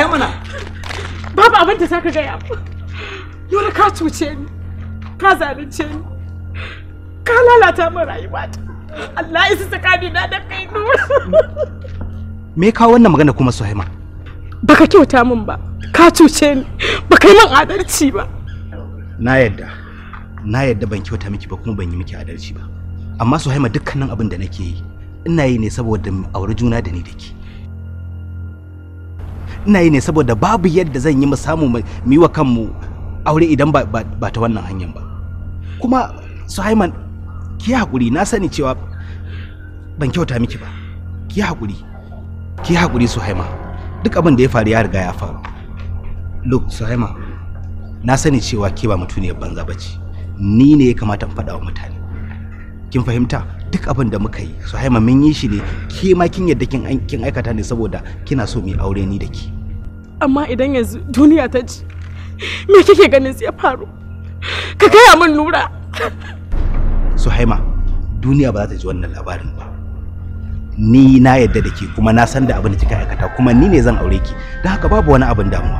ai mana babu abin da zaka gaya Yola ka cuce ni ka zalunce ni ka lalata min rayuwata Allah ya saka ni na da kai me ka wannan magana kuma Suhaima baka kyauta min ba ka cuce ni baka yi min adalci ba na yadda na yadda ban kyauta miki ba kuma ban yi miki adalci ba amma Suhaima dukkanin abin da nake yi ina yi ne saboda aure juna da ni da ke ina yi ne saboda babu yadda zan yi mu samu mu wa kanmu aure idan ba, ba, ta wannan hanyar ba kuma haiman ki hakuri na sani cewa ban kyauta miki ba ki hakuri ki hakuri suhaima duk abin da ya faru ya riga ya faru look suhaima na sani cewa ke ba mutuniyar banza ba ce ni ne ya kamata in faɗa wa mutane kin fahimta duk abin da muka yi su haima mun yi shi ne ke ma kin yadda kin aikata ne saboda kina so mu aure ni da ki amma idan yanzu duniya ta ci me kike ganin sai faru ka gaya min nura suhaima duniya ba za ta ji wannan labarin ba ni na yadda da ke kuma na san da abin da kika aikata kuma ni ne zan aure ki don haka babu wani abin damuwa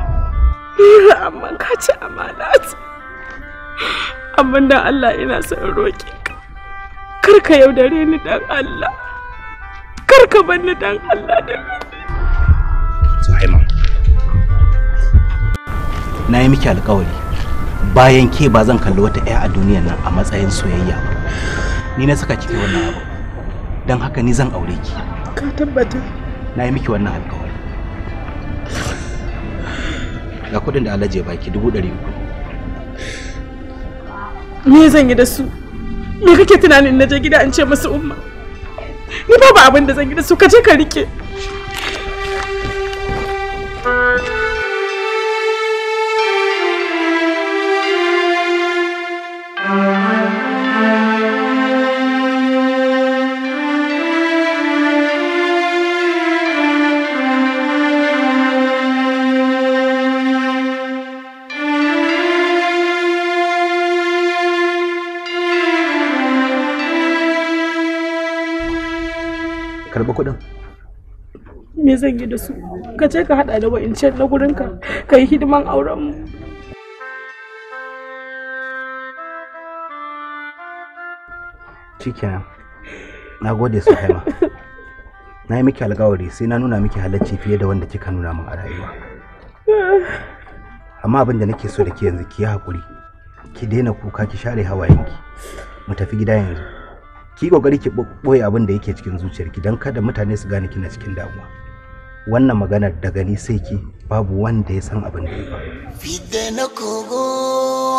amma ka ci amana abin da Allah ina son roki kar ka yaudare ni dan Allah kar ka bar ni dan Allah da Suhaima na yi miki alkawari bayan ke ba zan kalli wata 'ya a duniyar nan a matsayin soyayya ba ni na saka kike wannan abu don haka ni zan aure ki ka tabbata na yi miki wannan alkawari ga kudin da alhaji ya baki dubu ɗari uku me zan yi da su me kake tunanin na je gida in ce masu umma ni ba abin da zan gida su ka je ka rike me zan yi da su ka ce ka hada da wa'incan na gurinka ka yi hidiman aurenmu cikin na gode su haima na yi miki alkawari sai na nuna miki halacci fiye da wanda kika nuna min a rayuwa amma abin da nake so da ke yanzu ki yi hakuri ki daina kuka ki share hawayenki mu tafi gida yanzu ki kokari ki boye abin da yake cikin zuciyarki don kada mutane su gane kina cikin damuwa wannan maganar da gani sai ke babu wanda ya san abin da ba. fidda na kogo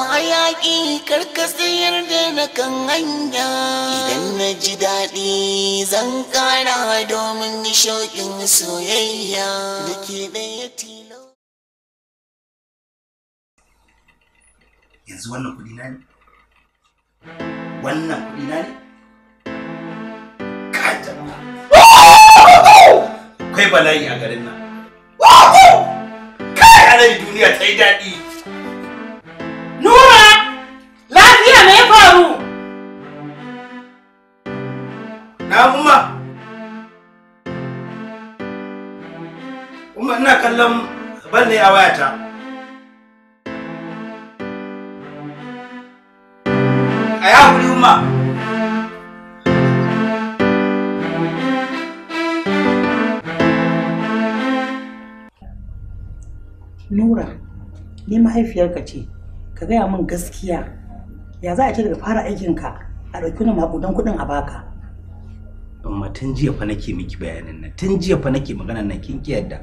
hayaki karkasa yarda na kan hanya idan na ji daɗi zan ƙara domin shauƙin soyayya da ke ɗaya tilo yanzu wannan kuɗi na ne wannan kuɗi na ne ka jama'a akwai bala'i a garin nan kai alai duniya ta yi daɗi nura lafiya me ya faru na umma umma ina kallon ban ne a wayata a ya umma Nura, ni mahaifiyarka ce, ka gaya min gaskiya. Ya za a ce daga fara aikinka a ɗauki wani maƙudan kuɗin a baka. Amma tun jiya fa nake miki bayanin nan, tun jiya fa nake maganar nan kin kiyarda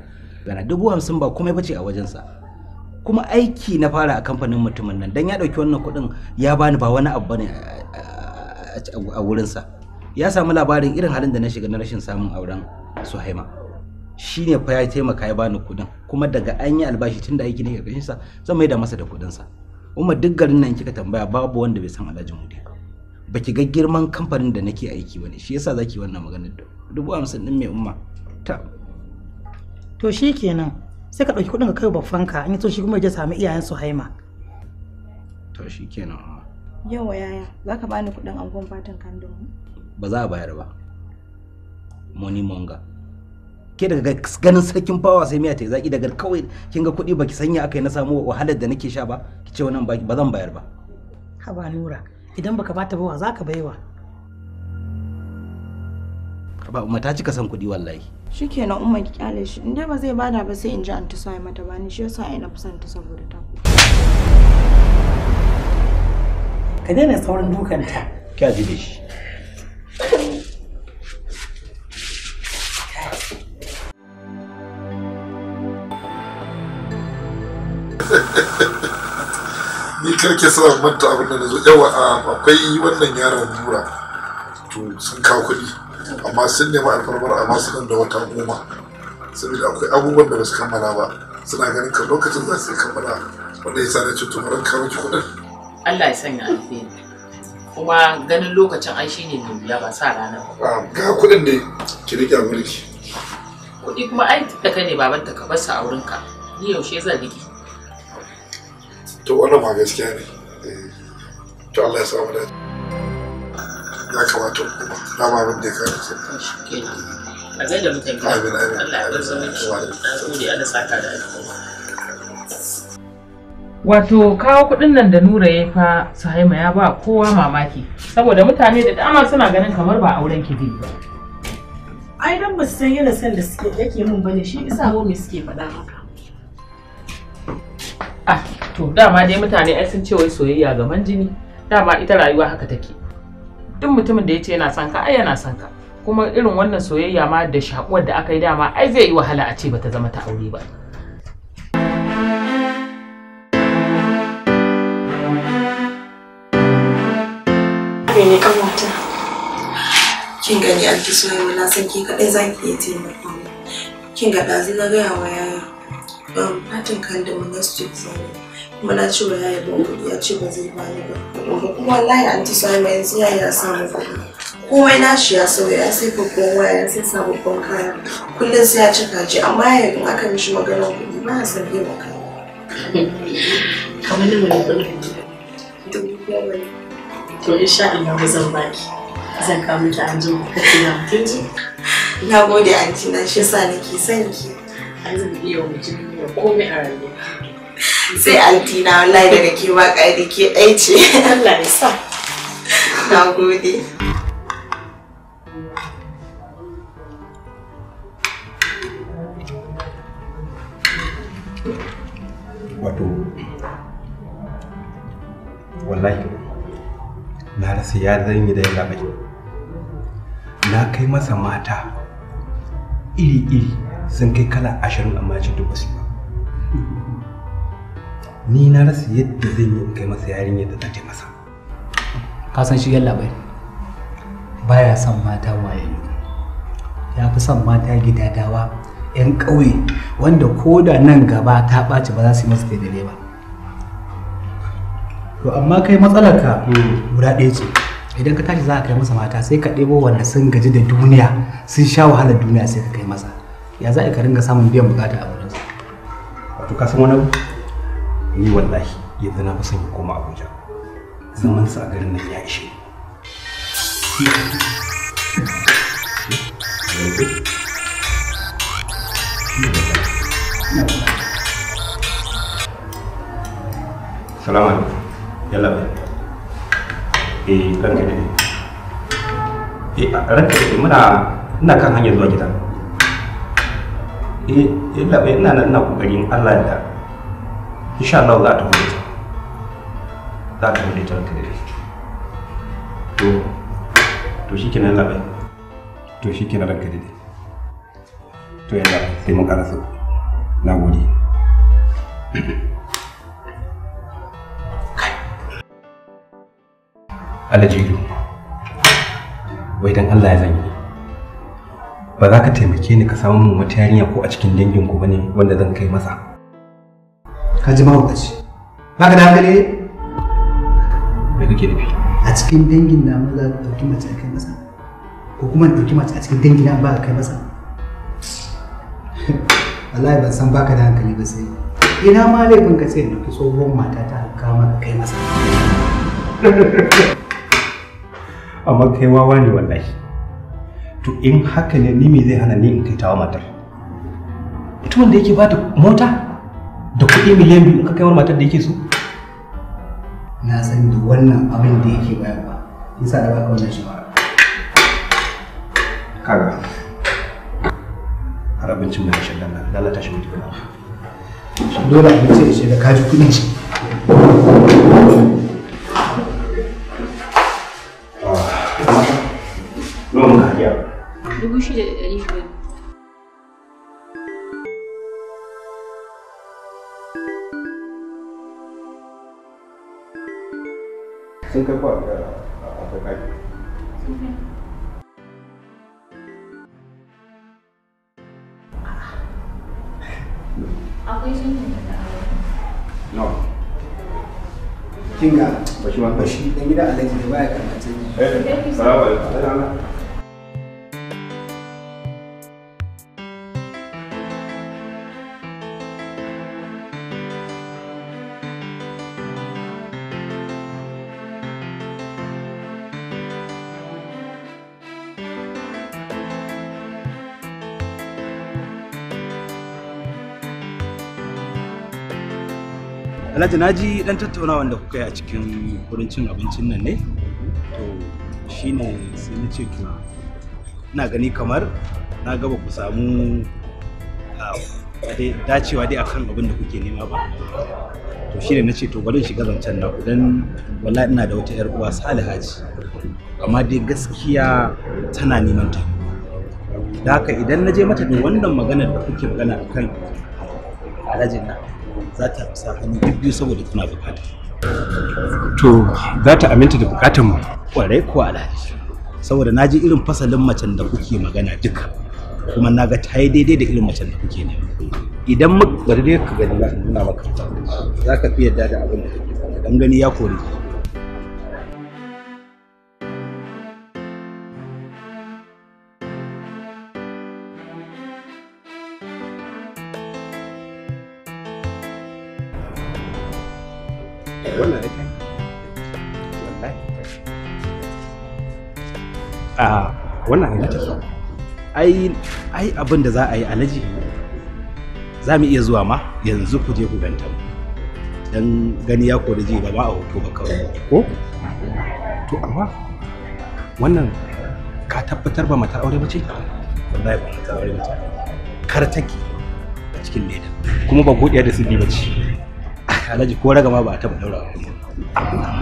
Gana dubu hamsin ba komai bace a wajensa. Kuma aiki na fara a kamfanin mutumin nan, dan ya ɗauki wannan kuɗin ya bani ba wani abu bane a wurinsa. Ya samu labarin irin halin da na shiga na rashin samun auren Suhaima. shi ne fa ya taimaka ya bani kudin kuma daga an yi albashi tun da aiki ne ga sa zan da masa da kudin sa kuma duk garin nan kika tambaya babu wanda bai san alhaji mu ba baki ga girman kamfanin da nake aiki bane shi yasa zaki wannan maganar da dubu hamsin din mai umma ta to shi kenan sai ka ɗauki kuɗin ka kai babban ka yi so shi kuma ya samu iyayen su haima to shi kenan yawa yaya za ka bani kuɗin angon fatan kandon ba za a bayar ba money monga ke daga ganin sarkin fawa sai miya ta zaki daga kawai kin ga kuɗi baki sanya akai na samu wahalar da nake sha ba ki ce wannan ba zan bayar ba haba nura idan baka bata ba za ka baiwa ba umma ta cika son kuɗi wallahi shikenan umma ki kyale shi inda ba zai bada ba sai in ji anti sai mata ni shi yasa ai na fi ta saboda ta ka daina saurin dukanta kya ji da shi ni karke sa manta abin da nazo zo yawa akwai wannan yaron nura to sun kawo kuɗi amma sun nemi alfarmar amma masu nan da wata goma saboda akwai abubuwan da ba su kammala ba suna ganin ka lokacin za su kammala wanda ya sa na cutu maran kawo ki kuɗin. Allah ya sanya alheri kuma ganin lokacin ai shine ne ya ba sa rana ba. ga kuɗin ne ki rike a wurin ki. kuɗi kuma ai da ne babanta ka bar sa a wurinka ni yaushe zan rike. to wannan ba gaskiya ne eh, to Allah ya mu dace ya kamata ba, na ma abin da ya kare su. a zai da mutane yi amin amin Allah ya san zumunci saka da Wato kawo kuɗin nan da Nura ya fa Suhaima ya ba kowa mamaki saboda mutane da dama suna ganin kamar ba auren ki ba. Ai dan ba su san yana san da suke yake min bane shi isa mu me suke faɗa haka. Ah to dama dai mutane ai sun ce wai soyayya ga manjini dama ita rayuwa haka take duk mutumin da yace yana son ka ai yana son ka kuma irin wannan soyayya ma da shakuwar da aka yi dama ai zai yi wahala a ce bata zama ta aure ba ne kamata kin gani alkishiyoyi na san ki kadai zaki iya taimaka kin ga ɗazu na gaya wa yaya um, fatin kan da monastic zone kuma na ce wa yaya ban kuɗi ya ce ba zai bani ba kuma wallahi an ci sami mai yaya ya samu kuɗi komai na shi ya sauya ya sai babban waya ya sai sababbin kaya kullum sai ya cika ji amma yaya in aka mishi magana kuɗi ba ya san bai maka kamar nan wani kuɗi dubu goma ne to insha Allah zan baki zan kawo miki an jima ka kira kin ji na gode anti na shi yasa nake son ki an zan iya mutum komai a rayuwa sai altina na wallahi daga ke waka da ke ɗai ce Allah ya sa na gode wato wallahi na rasa ya zan yi da yalla bai na kai masa mata iri-iri sun kai kala ashirin amma jin da wasu ba ni na rasa yadda zan yi kai masa yarinya da zata masa ka san shi yalla bai baya son mata ne. ya fi son mata dawa yan ƙauye wanda ko da nan gaba ta ɓaci ba za su yi masa daidai ba to amma kai ka guda ɗaya ce idan ka tashi za ka kai masa mata sai ka ɗebo wanda sun gaji da duniya sun sha wahalar duniya sai ka kai masa ya za ka ringa samun biyan bukata a wurinsa wato ka san wani abu ni wallahi yanzu na fi son koma abuja zaman sa a garin nan ya ishe Salamu alaikum. Yalla bai. Eh, ranka dade. Eh, ranka dade muna ina kan hanyar zuwa gida. Eh, yalla bai ina nan ina kokarin Allah ya insha Allah za ta hude ta za ta hude ta ranka dare to to shikenan labai to shikenan ranka dare to yalla sai mun karasa na gode alajiru wai dan Allah ya zanyi ba za ka taimake ni ka samu wata yarinya ko a cikin danginku bane wanda zan kai masa Kajima ji mahaukaci ba ka da hankali ne me kake nufi a cikin dangin na maza ka ɗauki mace a kai masa ko kuma ɗauki mace a cikin dangin na ba a kai masa wallahi ban san baka da hankali ba sai ina ma laifin ka sai ɗauki tsohon mata ta kama ka kai masa amma kai wawa ne wallahi to in haka ne ni me zai hana ni in kai tawa matar ita wanda yake bata mota kai miliyan biyu ka kaiwar matar da yake so na san da wannan abin da yake bayarwa yasa da baka wannan shawara kaga har abincin mai dan Allah ta shi mutum dole abinci ya da kaji kudin shi gida alhaji baya baya karɓar canji. Eh, alhaji na ji dan tattaunawa da kuka yi a cikin wurin cin abincin nan ne to shine sai na ce to ina gani kamar na gaba ku samu dacewa dai akan abin da kuke nema ba to shine na ce to bari shiga zancen na dan wallahi ina da wata yar uwa Salihu Haji amma dai gaskiya tana neman ta da haka idan na je mata da wannan maganar da kuke magana akan alhaji na za ta sa hannu biyu saboda tana bukata to za ta aminta da bukatan mu kwarai ko alhaji saboda na ji irin fasalin macen da kuke magana duka kuma na ga ta yi daidai da irin macen da kuke nema idan muka bari dai ka gani za nuna maka za ka fi yadda da abin da gani ya kore a wannan ina take ai ai abin da za a yi alaji za mu iya zuwa ma yanzu ku je ku ganta dan gani ya kori ji ba ba a hoto ba kawai ko to amma wannan ka tabbatar ba mata aure bace wallahi ba mata aure bace kar take a cikin leda kuma ba godiya da sirri bace alhaji ko raga ma ba ta ba daura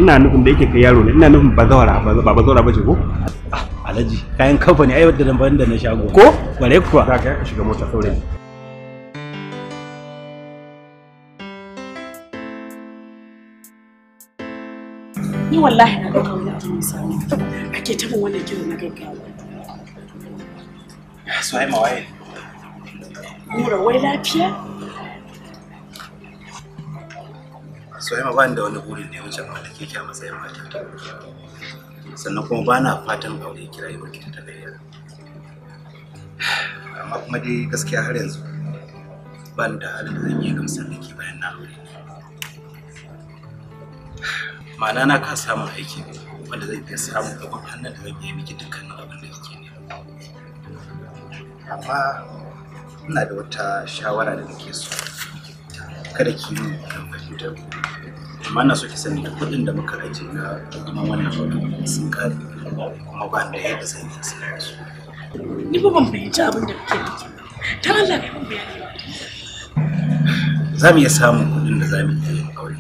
ina nufin da yake kai yaro ne ina nufin ba zawara ba ba zawara bace ko ah, alhaji kayan kamfani ai wadda ban da na shago ko kware kuwa za ka shiga mota saurayi ni wallahi na ga wani ake tabin wannan kiran na gaggawa Suhaima waye? Nura wai lafiya? soyayya ba da wani burin da ya wuce wanda ke a matsayin mata sannan kuma ba na fatan aure kira yi wakil ta gayyar amma kuma dai gaskiya har yanzu ba da halin da zan yi gamsar da ke bayan na aure ma'ana na ka samun aiki wanda zai iya samun gaban hannun da zan iya miki dukkanin abin da kike ne amma ina da wata shawara da nake so kada ki yi fahimtar amma na so ki sani da kuɗin da muka aje na kuma wannan abu sun kare kuma ba da yadda zai yi su ni ba ban fahimci abin da kake ta Allah ne ban bayani za mu iya samun kuɗin da za mu iya yin aure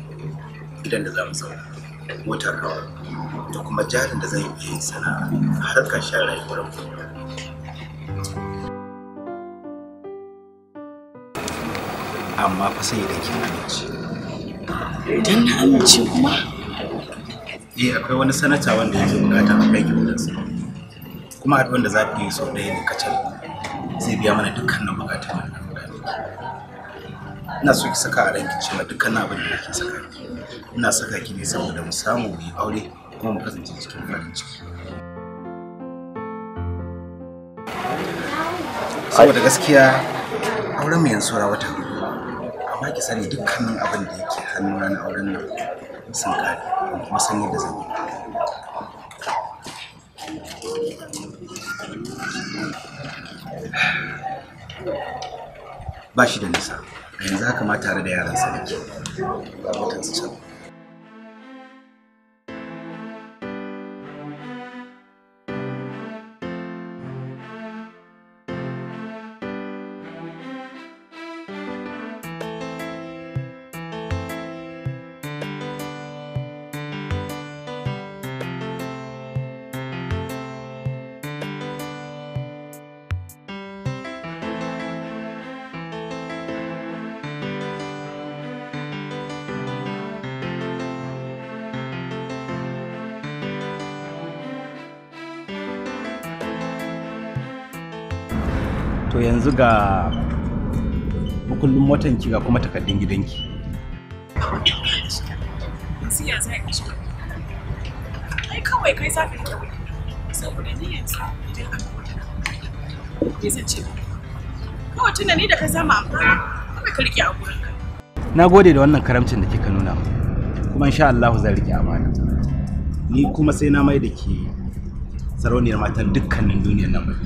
gidan da za mu zauna motar rawa da kuma jarin da zai iya yin sana'a har shan rayuwar mu amma fa sai idan kin amince idan na amince kuma eh akwai wani sanata wanda yake bukata a kai gidansa kuma a wanda za ku yi sau ɗaya ne kacal zai biya mana dukkanin bukatun nan ina so ki saka a ranki cewa dukkanin abin da kike saka ina saka ki ne saboda mu samu mu yi aure kuma mu kasance cikin farin ciki saboda gaskiya auren mu yanzu ra wata amma ki sani dukkanin abin da yake hannuna na auren nan sun kare kuma san yadda zan yi ba shi da nisa yanzu haka ma tare da yaransa nake ba su can to yanzu ga bukullin motanki ga kuma takardun gidanki na gode da wannan karamcin da kika nuna kuma insha Allah zan rike amana ni kuma sai na mai da ke sarauniyar matan dukkanin duniyar nan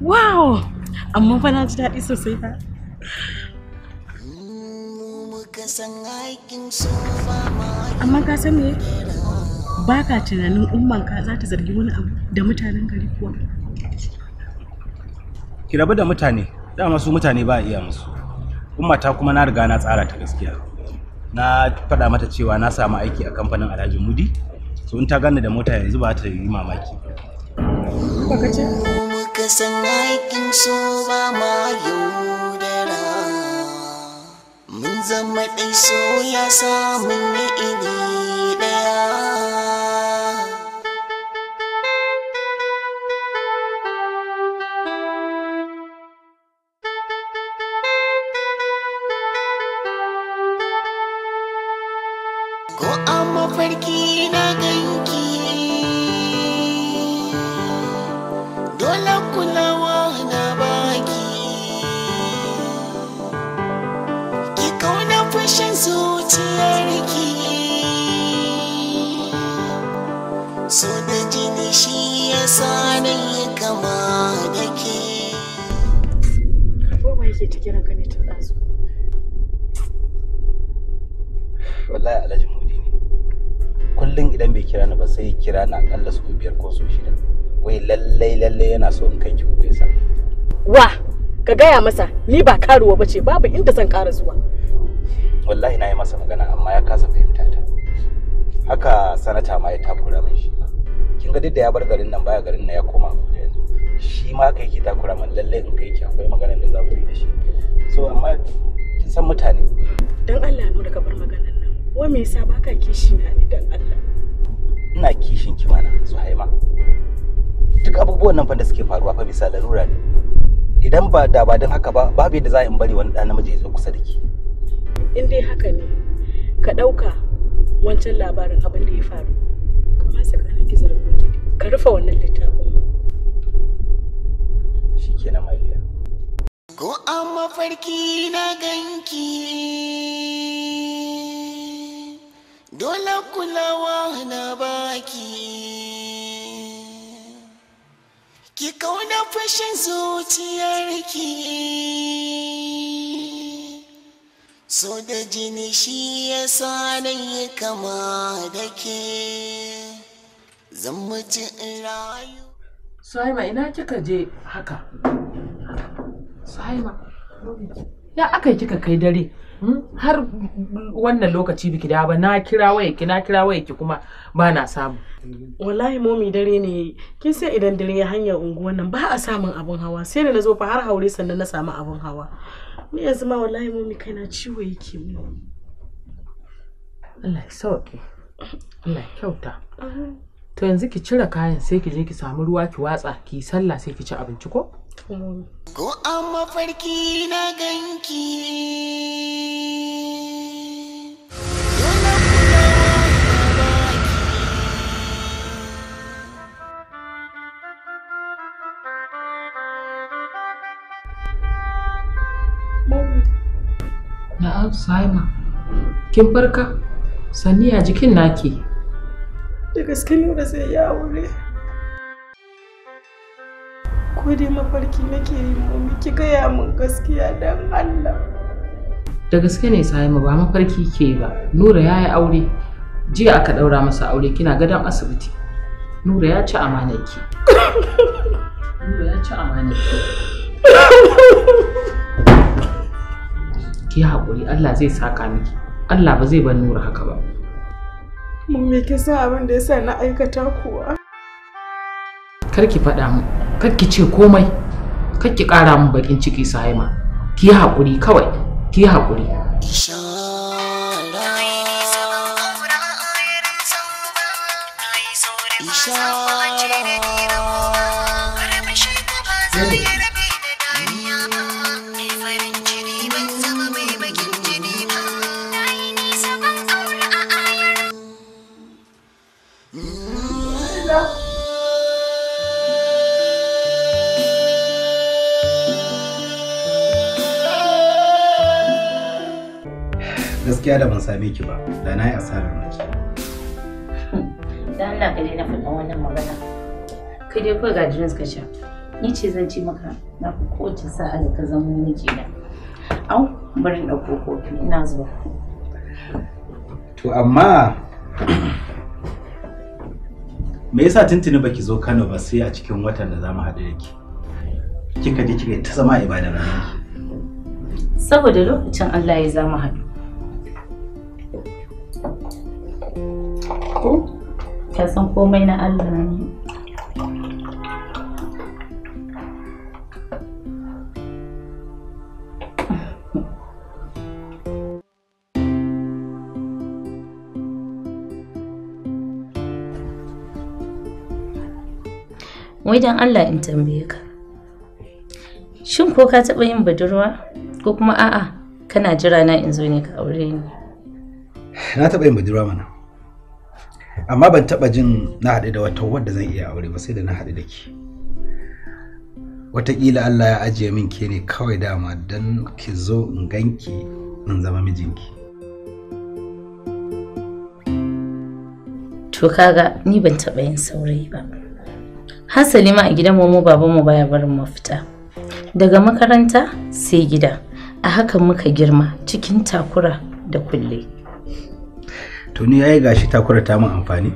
wow amma fa na ji daɗi sosai ba amma ka san me ba ka tunanin umman ka za ta zargi wani abu da mutanen gari kuwa ki rabu da mutane dama su mutane ba iya musu ummata kuma na riga na tsara ta gaskiya na faɗa mata cewa na samu aiki a kamfanin alhaji mudi so in ta gane da mota yanzu ba ta yi mamaki ba ka ce ka san aikin so ba ma yaudara mun zama ɗai so ya samun iri ɗaya kiran ka ne tun ɗazu. Wallahi Alhaji Mudi ne. Kullum idan bai kira ni ba sai kira na akalla su biyar ko su shida. Wai lallai lallai yana so in kai ki sa. Wa ka gaya masa ni ba karuwa bace babu inda zan ƙara zuwa. Wallahi na yi masa magana amma ya kasa fahimta ta. Haka sanata ma ya takura min shi. Kin ga duk da ya bar garin nan baya garin nan ya koma Abuja shi ma kai ke takura man lalle in kai ki akwai maganar da za ku yi da shi so amma kin san mutane dan Allah nuna daga bar maganar nan wa me yasa baka kishi na ne dan Allah ina kishin ki mana Suhaima duk abubuwan nan fa da suke faruwa fa bisa larura ne idan ba da ba don haka ba babu yadda za in bari wani dan namiji ya zo kusa da ki in dai haka ne ka ɗauka wancan labarin abin da ya faru kamar tsakanin kizar da ka rufe wannan littafin ke na mariya ko an mafarki na ganki dole kulawa na baki ki kauna fashin zuciyarki so da jini shi ya sa kama da ke zan mutu in rayu Suhaima ina kika je haka? Suhaima, ya aka yi kika kai dare? Hmm? Har wannan lokaci biki da ba na kira wayarki na kira kuma ba na samu. Wallahi momi dare ne kin sai idan dare ya hanyar unguwan nan ba a samun abun hawa sai da na zo fa har haure sannan na samu abun hawa. Ni yanzu ma wallahi momi kaina ciwo yake mu. Allah ya sauke. Allah ya kyauta. to yanzu ki cire kayan sai ki je ki samu ruwa ki watsa ki sallah sai ki ci abinci ko ko an mafarki na ganki na Alzheimer kin farka saniya jikin naki da gaske ba zai yi aure ko dai mafarki nake yi mami ki gaya min gaskiya dan allah da gaske ne sahima ba mafarki ke ba nura ya yi aure jiya aka daura masa aure kina gadon asibiti nura ya ci amanaki nura ya ci amanaki ki haƙuri allah zai saka miki allah ba zai bar nura haka ba Mummy kin san abin da yasa na aikata kuwa? Kar ki faɗa mu, kar ki ce komai, kar ki ƙara min bakin ciki sahima Ki yi hakuri kawai, ki yi haƙuri. Então. Gaskiya da ban same ki ba, da na yi asarar na ce. dan ka daina faɗin wannan magana. Kai dai kawai ga jinin ka sha. Ni ce zan ci maka na fi kowace sa'a da ka zama miji na. Au, bari na ɗauko kofi ina zuwa. To amma me yasa tuntuni baki zo Kano ba sai a cikin watan da zamu haɗu da kika je kika ta zama ibada ran saboda lokacin Allah ya zama haɗu ko ka san komai na Allah ne wai dan Allah in tambaye ka shin ko ka taɓa yin budurwa ko kuma a'a kana jira na in zo ne ka aure ni na taɓa yin budurwa mana amma ban taɓa jin na haɗu da wata wadda zan iya aure ba sai da na haɗu da ke wataƙila Allah ya ajiye min ke ne kawai dama don ki zo in ganki in zama mijinki to kaga ni ban taɓa yin saurayi ba hasali ma a gidan mu baban mu baya barin mu fita daga makaranta sai gida a hakan muka girma cikin takura da kulle to ni yayi gashi takura ta mun amfani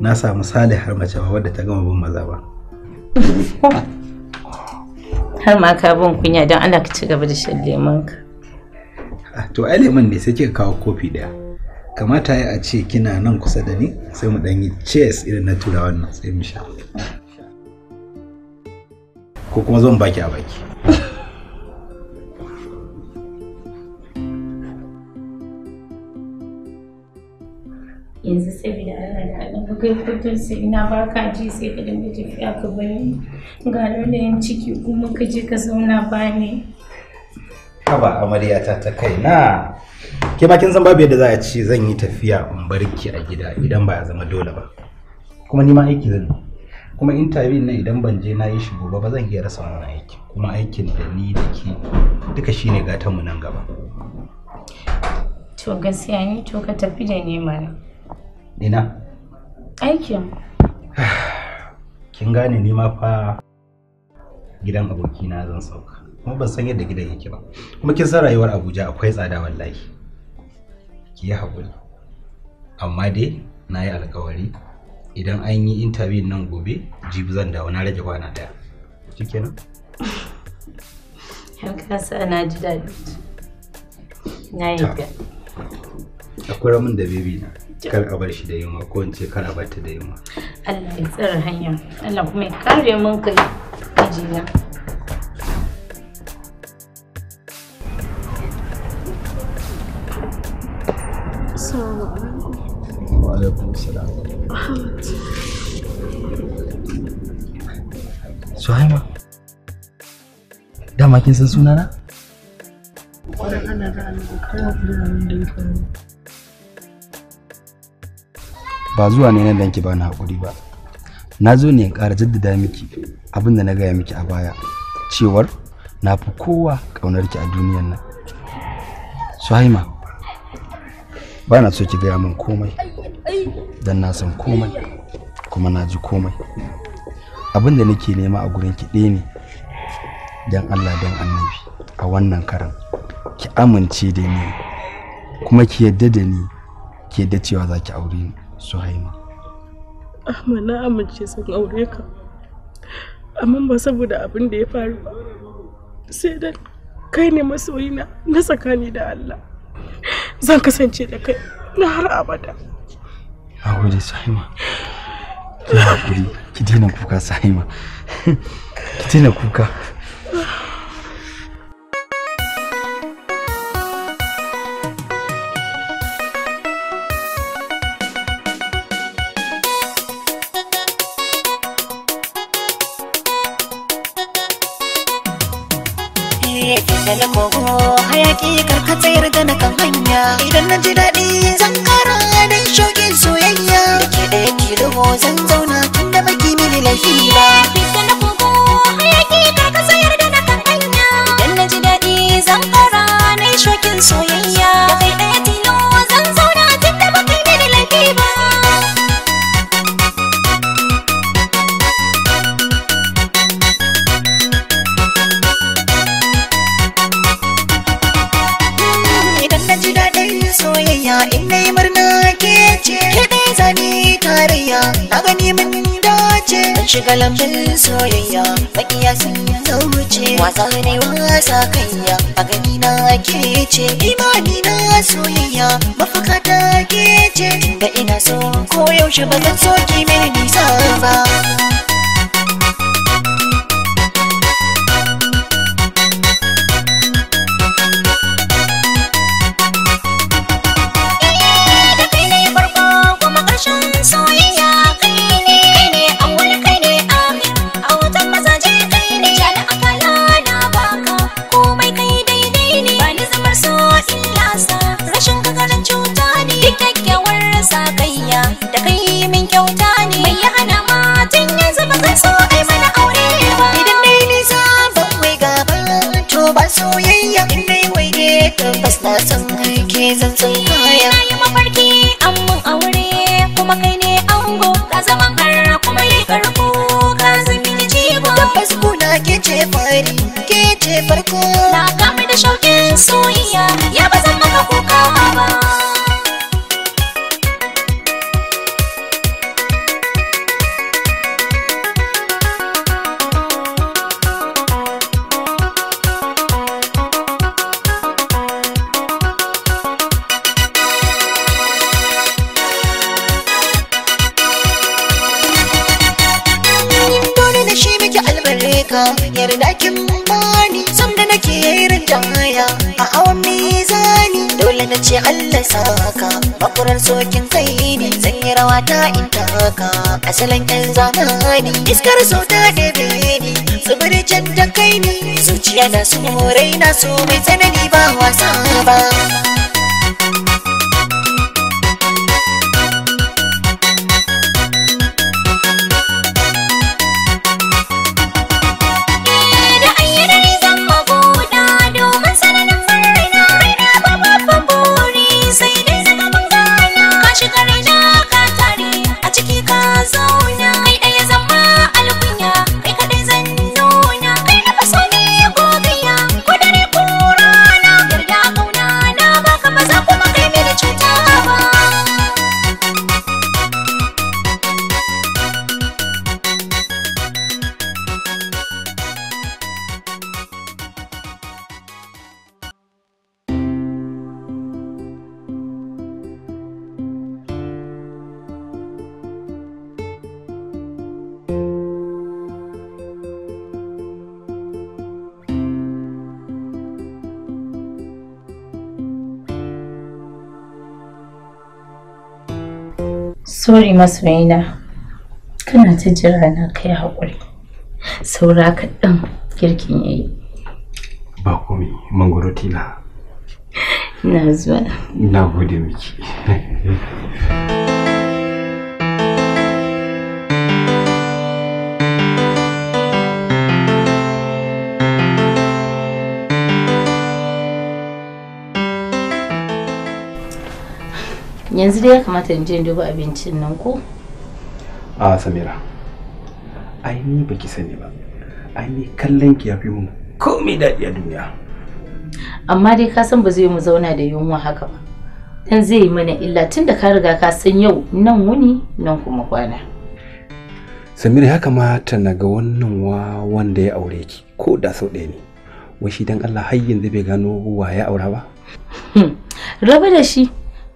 na samu har mace ba wadda ta gama bin maza ba har ma ka bin kunya don ana ka ci gaba da shan ka ah, to ai lemon ne sai kika kawo kofi daya kamata ya a ce kina nan kusa da ni sai mu ɗan yi cheers irin na turawan nan sai mu sha ko kuma zan baki a baki yanzu saboda Allah da Allah ka kai kudin sai ina baka ji sai ka dinga tafiya ka bani ga lalayen ciki kuma ka je ka zauna ba ne haba amaryata ta kai na ke bakin san babu yadda za a ce zan yi tafiya in barki a gida idan ba ya zama dole ba kuma ni ma aiki zan yi kuma interview na idan ban je na yi shi gobe ba zan iya rasa wannan aiki kuma aikin da ni da ke duka shi gatan mu nan gaba to gaskiya ni to ka tafi da ni mana ina aikin kin gane ni ma fa gidan abokina zan sauka kuma ban san yadda gidan yake ba kuma kin san rayuwar abuja akwai tsada wallahi ki yi haƙuri amma dai na yi alƙawari. idan an yi intervene nan gobe jibi zan dawo na rage kwana daya shikenan ya kasa na ji daɗi na yi akwai ramin da bebi na kar a bar shi da yunwa ko in ce kar a bar ta da yunwa Allah ya tsare hanya Allah kuma ya kare mun kai mijina Assalamu alaikum. Wa alaikum assalam. Muhammad. Suhaima. Dama kin san sunana? Ba zuwa ne nan danki ba na haƙuri ba. Na zo ne in ƙara jaddada miki abinda da na gaya miki a baya. Cewar na fi kowa ƙaunarki a duniyar nan. Suhaima, ba na so ki gaya min komai. don na san komai kuma na ji komai abin da nake nema a gurin ki ɗaya ne don allah don annabi a wannan karan ki amince da ni kuma ki yadda da ni ki yadda cewa za ki aure ni suhaima amma na amince sun aure ka amma ba saboda abin da ya faru ba sai dan kai ne masoyina na tsakani da allah zan kasance da kai na har abada Na gode Sahima. Ki hakuri, ki daina kuka Sahima. Ki daina kuka. Eh, da mago hayaki karkatsayar da na kan hanya idan na ji daɗi zan ƙara dan shoki zan zauna tunda baki mini laifi ba Bika na koko hayaki ta ka sayar da na kan hanya Idan na ji daɗi zan ƙara na shokin soyayya shiga lambin soyayya makiya ya sanya zauce wasa ne wasa kanya a gani na ke ce imani na soyayya mafaka ta ke ce tunda ina so koyaushe ba zan so ki mini nisa ba murai na so mai masoyina kana ta jira na kai haƙuri saura kaɗan girkin ya yi ba komi mangoro tila na zuwa na gode miki yanzu dai ya kamata in je duba abincin nan ko a samira ai ni baki sani ba ai ni kallon ki yafi mun komai daɗi a duniya amma dai ka san ba zai mu zauna da yunwa haka ba dan zai yi mana illa tun da ka riga ka san yau nan wuni nan kuma kwana samira ya kamata na ga wannan wa wanda ya aure ki ko da sau ɗaya ne wai shi dan Allah har yanzu bai gano wa ya aura ba raba da shi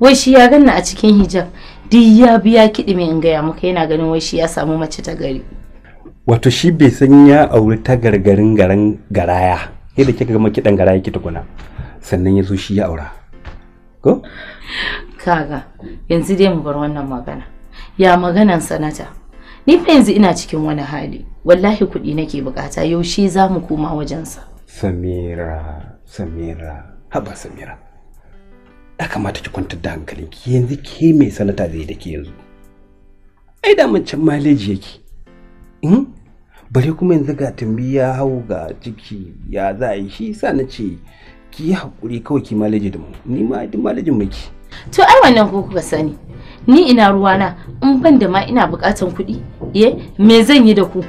wai shi ya ganna a cikin hijab duk ya biya kiɗi mai in gaya muka yana ganin wai shi ya samu mace ta gari wato shi bai san ya auri ta gargarin garan garaya yadda kika gama kiɗan garaya ki tukuna sannan ya zo shi ya aura ko kaga yanzu dai mu bar wannan magana ya maganan sanata ni fa yanzu ina cikin wani hali wallahi kuɗi nake bukata yaushe za mu koma wajensa samira samira haba samira ya kamata ki kwantar da hankalinki yanzu ke mai sanata zai da ke yanzu ai da mun can maleji yake in hmm? bare kuma yanzu ga tambi ya hau ga ciki ya za a yi shi sa na ce ki yi hakuri kawai ki maleji da mu ni ma duk malejin muke to ai wannan ko kuka sani ni ina ruwana in ban da ma ina bukatan kuɗi eh me zan yi da ku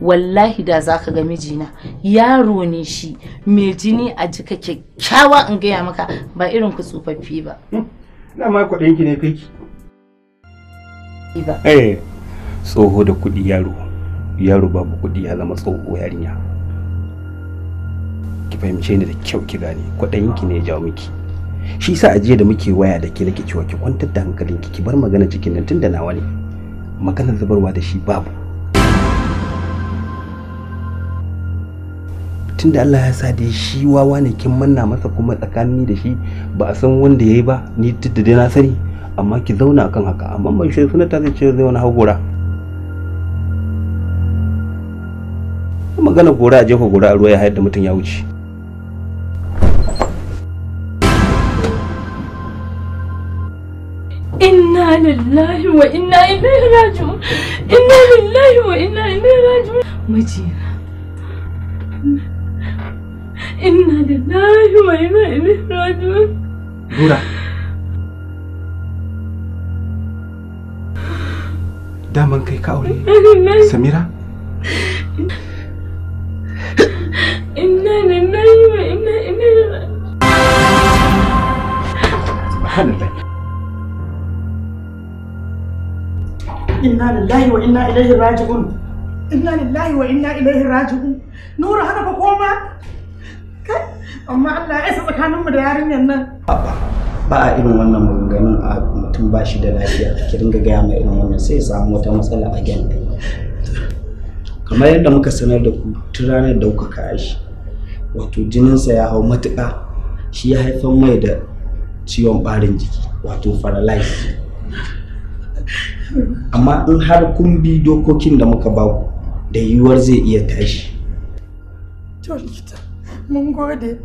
wallahi da za ka ga mijina yaro ne shi mai jini a jika kyakkyawa in gaya maka ba irin ku tsofaffi ba na ma ki ne kai Eh, tsoho da kuɗi yaro yaro babu kuɗi ya zama tsoho yarinya ki fahimce ni da kyau ki gane kwaɗayin ki ne ya jawo miki shi sa ajiye da muke waya da ke nake cewa ki kwantar da hankalinki ki bar magana cikin nan tunda nawa ne maganar zubarwa da shi babu tunda Allah ya sa dai shi wawa ne kin manna masa kuma tsakanin da shi ba a san wanda yayi ba ni duk dai na sani amma ki zauna akan haka amma mai shi ta zai ce zai wani hagura magana gora a jefa gora a ruwa ya hayar da mutum ya wuce inna lillahi wa inna ilaihi raji'un inna lillahi wa inna ilaihi raji'un mijina inna lillahi wa inna ilaihi raji'un Nura daman ka aure Samira inna lillahi inna ilaihi raji'un inna lillahi inna ilaihi raji'un inna haka amma Allah ya isa mu da yarinyar nan ba a irin wannan maganganun a mutum ba shi da lafiya ki dinga gaya mai irin wannan sai ya samu wata matsala a gyan kamar yadda muka sanar da ku tun ranar da kuka shi wato jininsa ya hau matuƙa shi ya haifar mai da ciwon ɓarin jiki wato paralyze amma in har kun bi dokokin da muka ba ku da yiwuwar zai iya tashi mun gode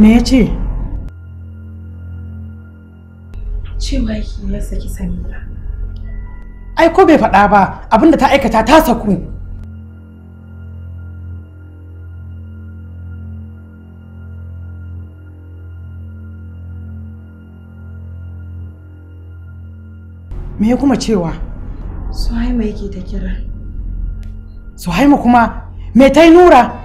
Me ya ce? Cewa yake ya saki Samira. Ai ko bai faɗa ba abinda ta aikata ta saku. Me ya kuma cewa? Suhaima yake ta kira. Suhaima kuma me ta yi nura?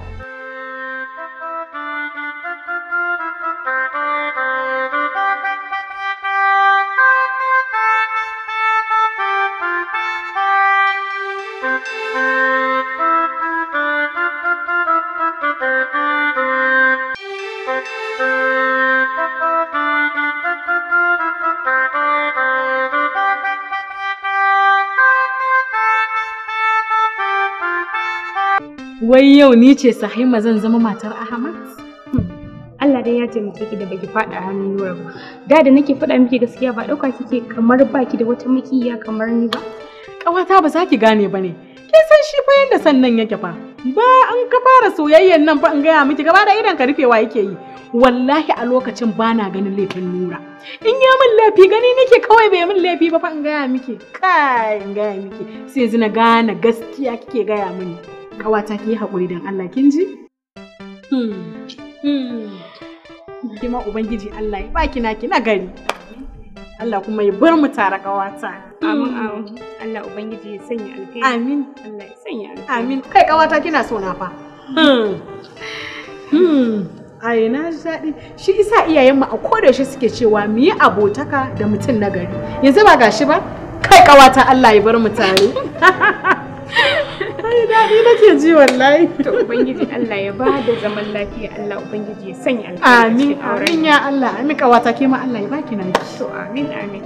yau ni ce Sahima zan zama matar Ahmad? Hmm. Allah dai ya taimake ki da baki faɗa hannun Nura ba. Da da nake faɗa miki gaskiya ba dauka kike kamar baki da wata makiya kamar ni ba. Ƙawata ba za ki gane ba ne. Ke san shi fa yanda sannan yake fa. Ba an ka fara soyayyen nan fa in gaya miki gaba da idan ka rufewa yake yi. Wallahi a lokacin bana ganin laifin Nura. In ya min laifi gani nake kawai bai min laifi ba fa in gaya miki. Kai in gaya miki. Sai zina gane gaskiya kike gaya mini. Kawata ki yi haƙuri don Allah kin ji? Hmm. Hmm. Kima Ubangiji Allah ya baki na ki nagari. Allah kuma ya bar mu tare kawata. Hmm. amin. Allah Ubangiji ya sanya alheri. Amin. Allah ya sanya alheri. Amin. Kai kawata kina so na fa. Ai na ji daɗi. Shi isa mu a koda shi suke cewa mu yi abotaka da mutum nagari. Yanzu ba gashi ba? Kai kawata Allah ya bar mu tare. Ni daɗi nake ji wallahi. To Ubangiji Allah ya ba da zaman lafiya Allah Ubangiji ya sanya alƙawari. Amin amin ya Allah amin wata ke ma Allah ya baki nan. To amin amin.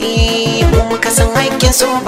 Eh, Sun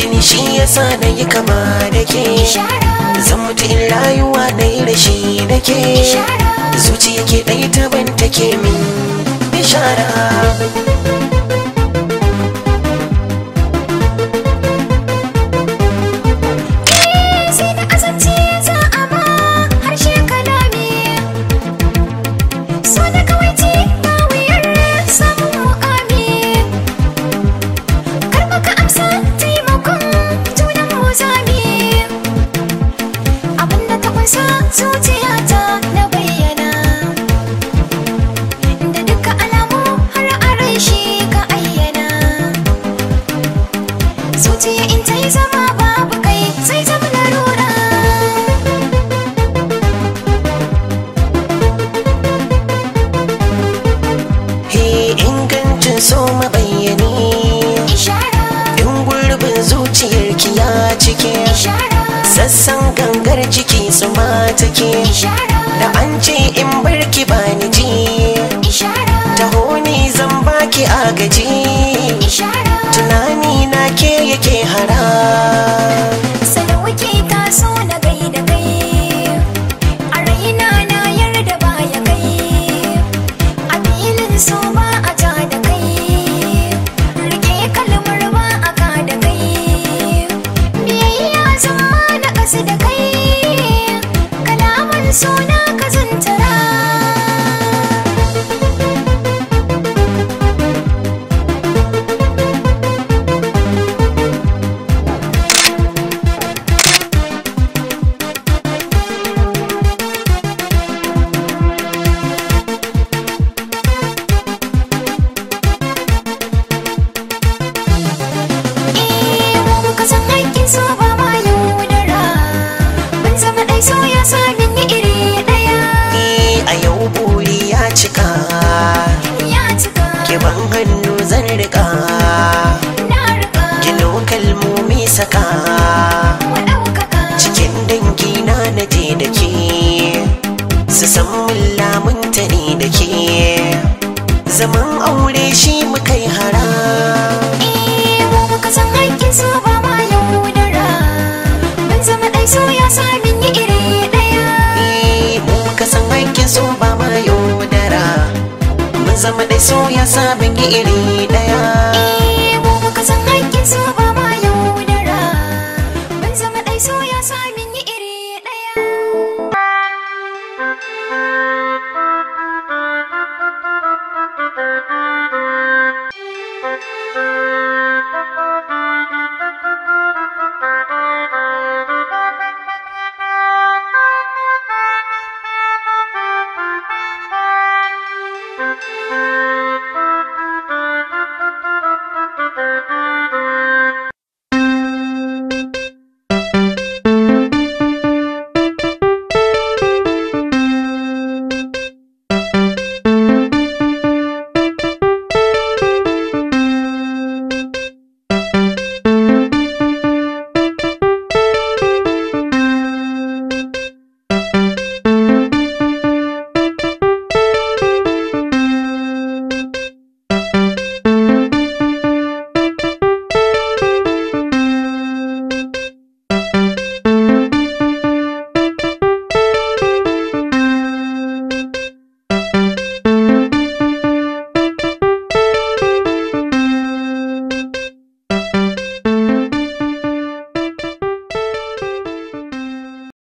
jini shi yasa na yi kama da ke zan mutu in rayuwa na yi shi da ke zuciya ke ɗaya ta ban take min bishara raina ke yake hara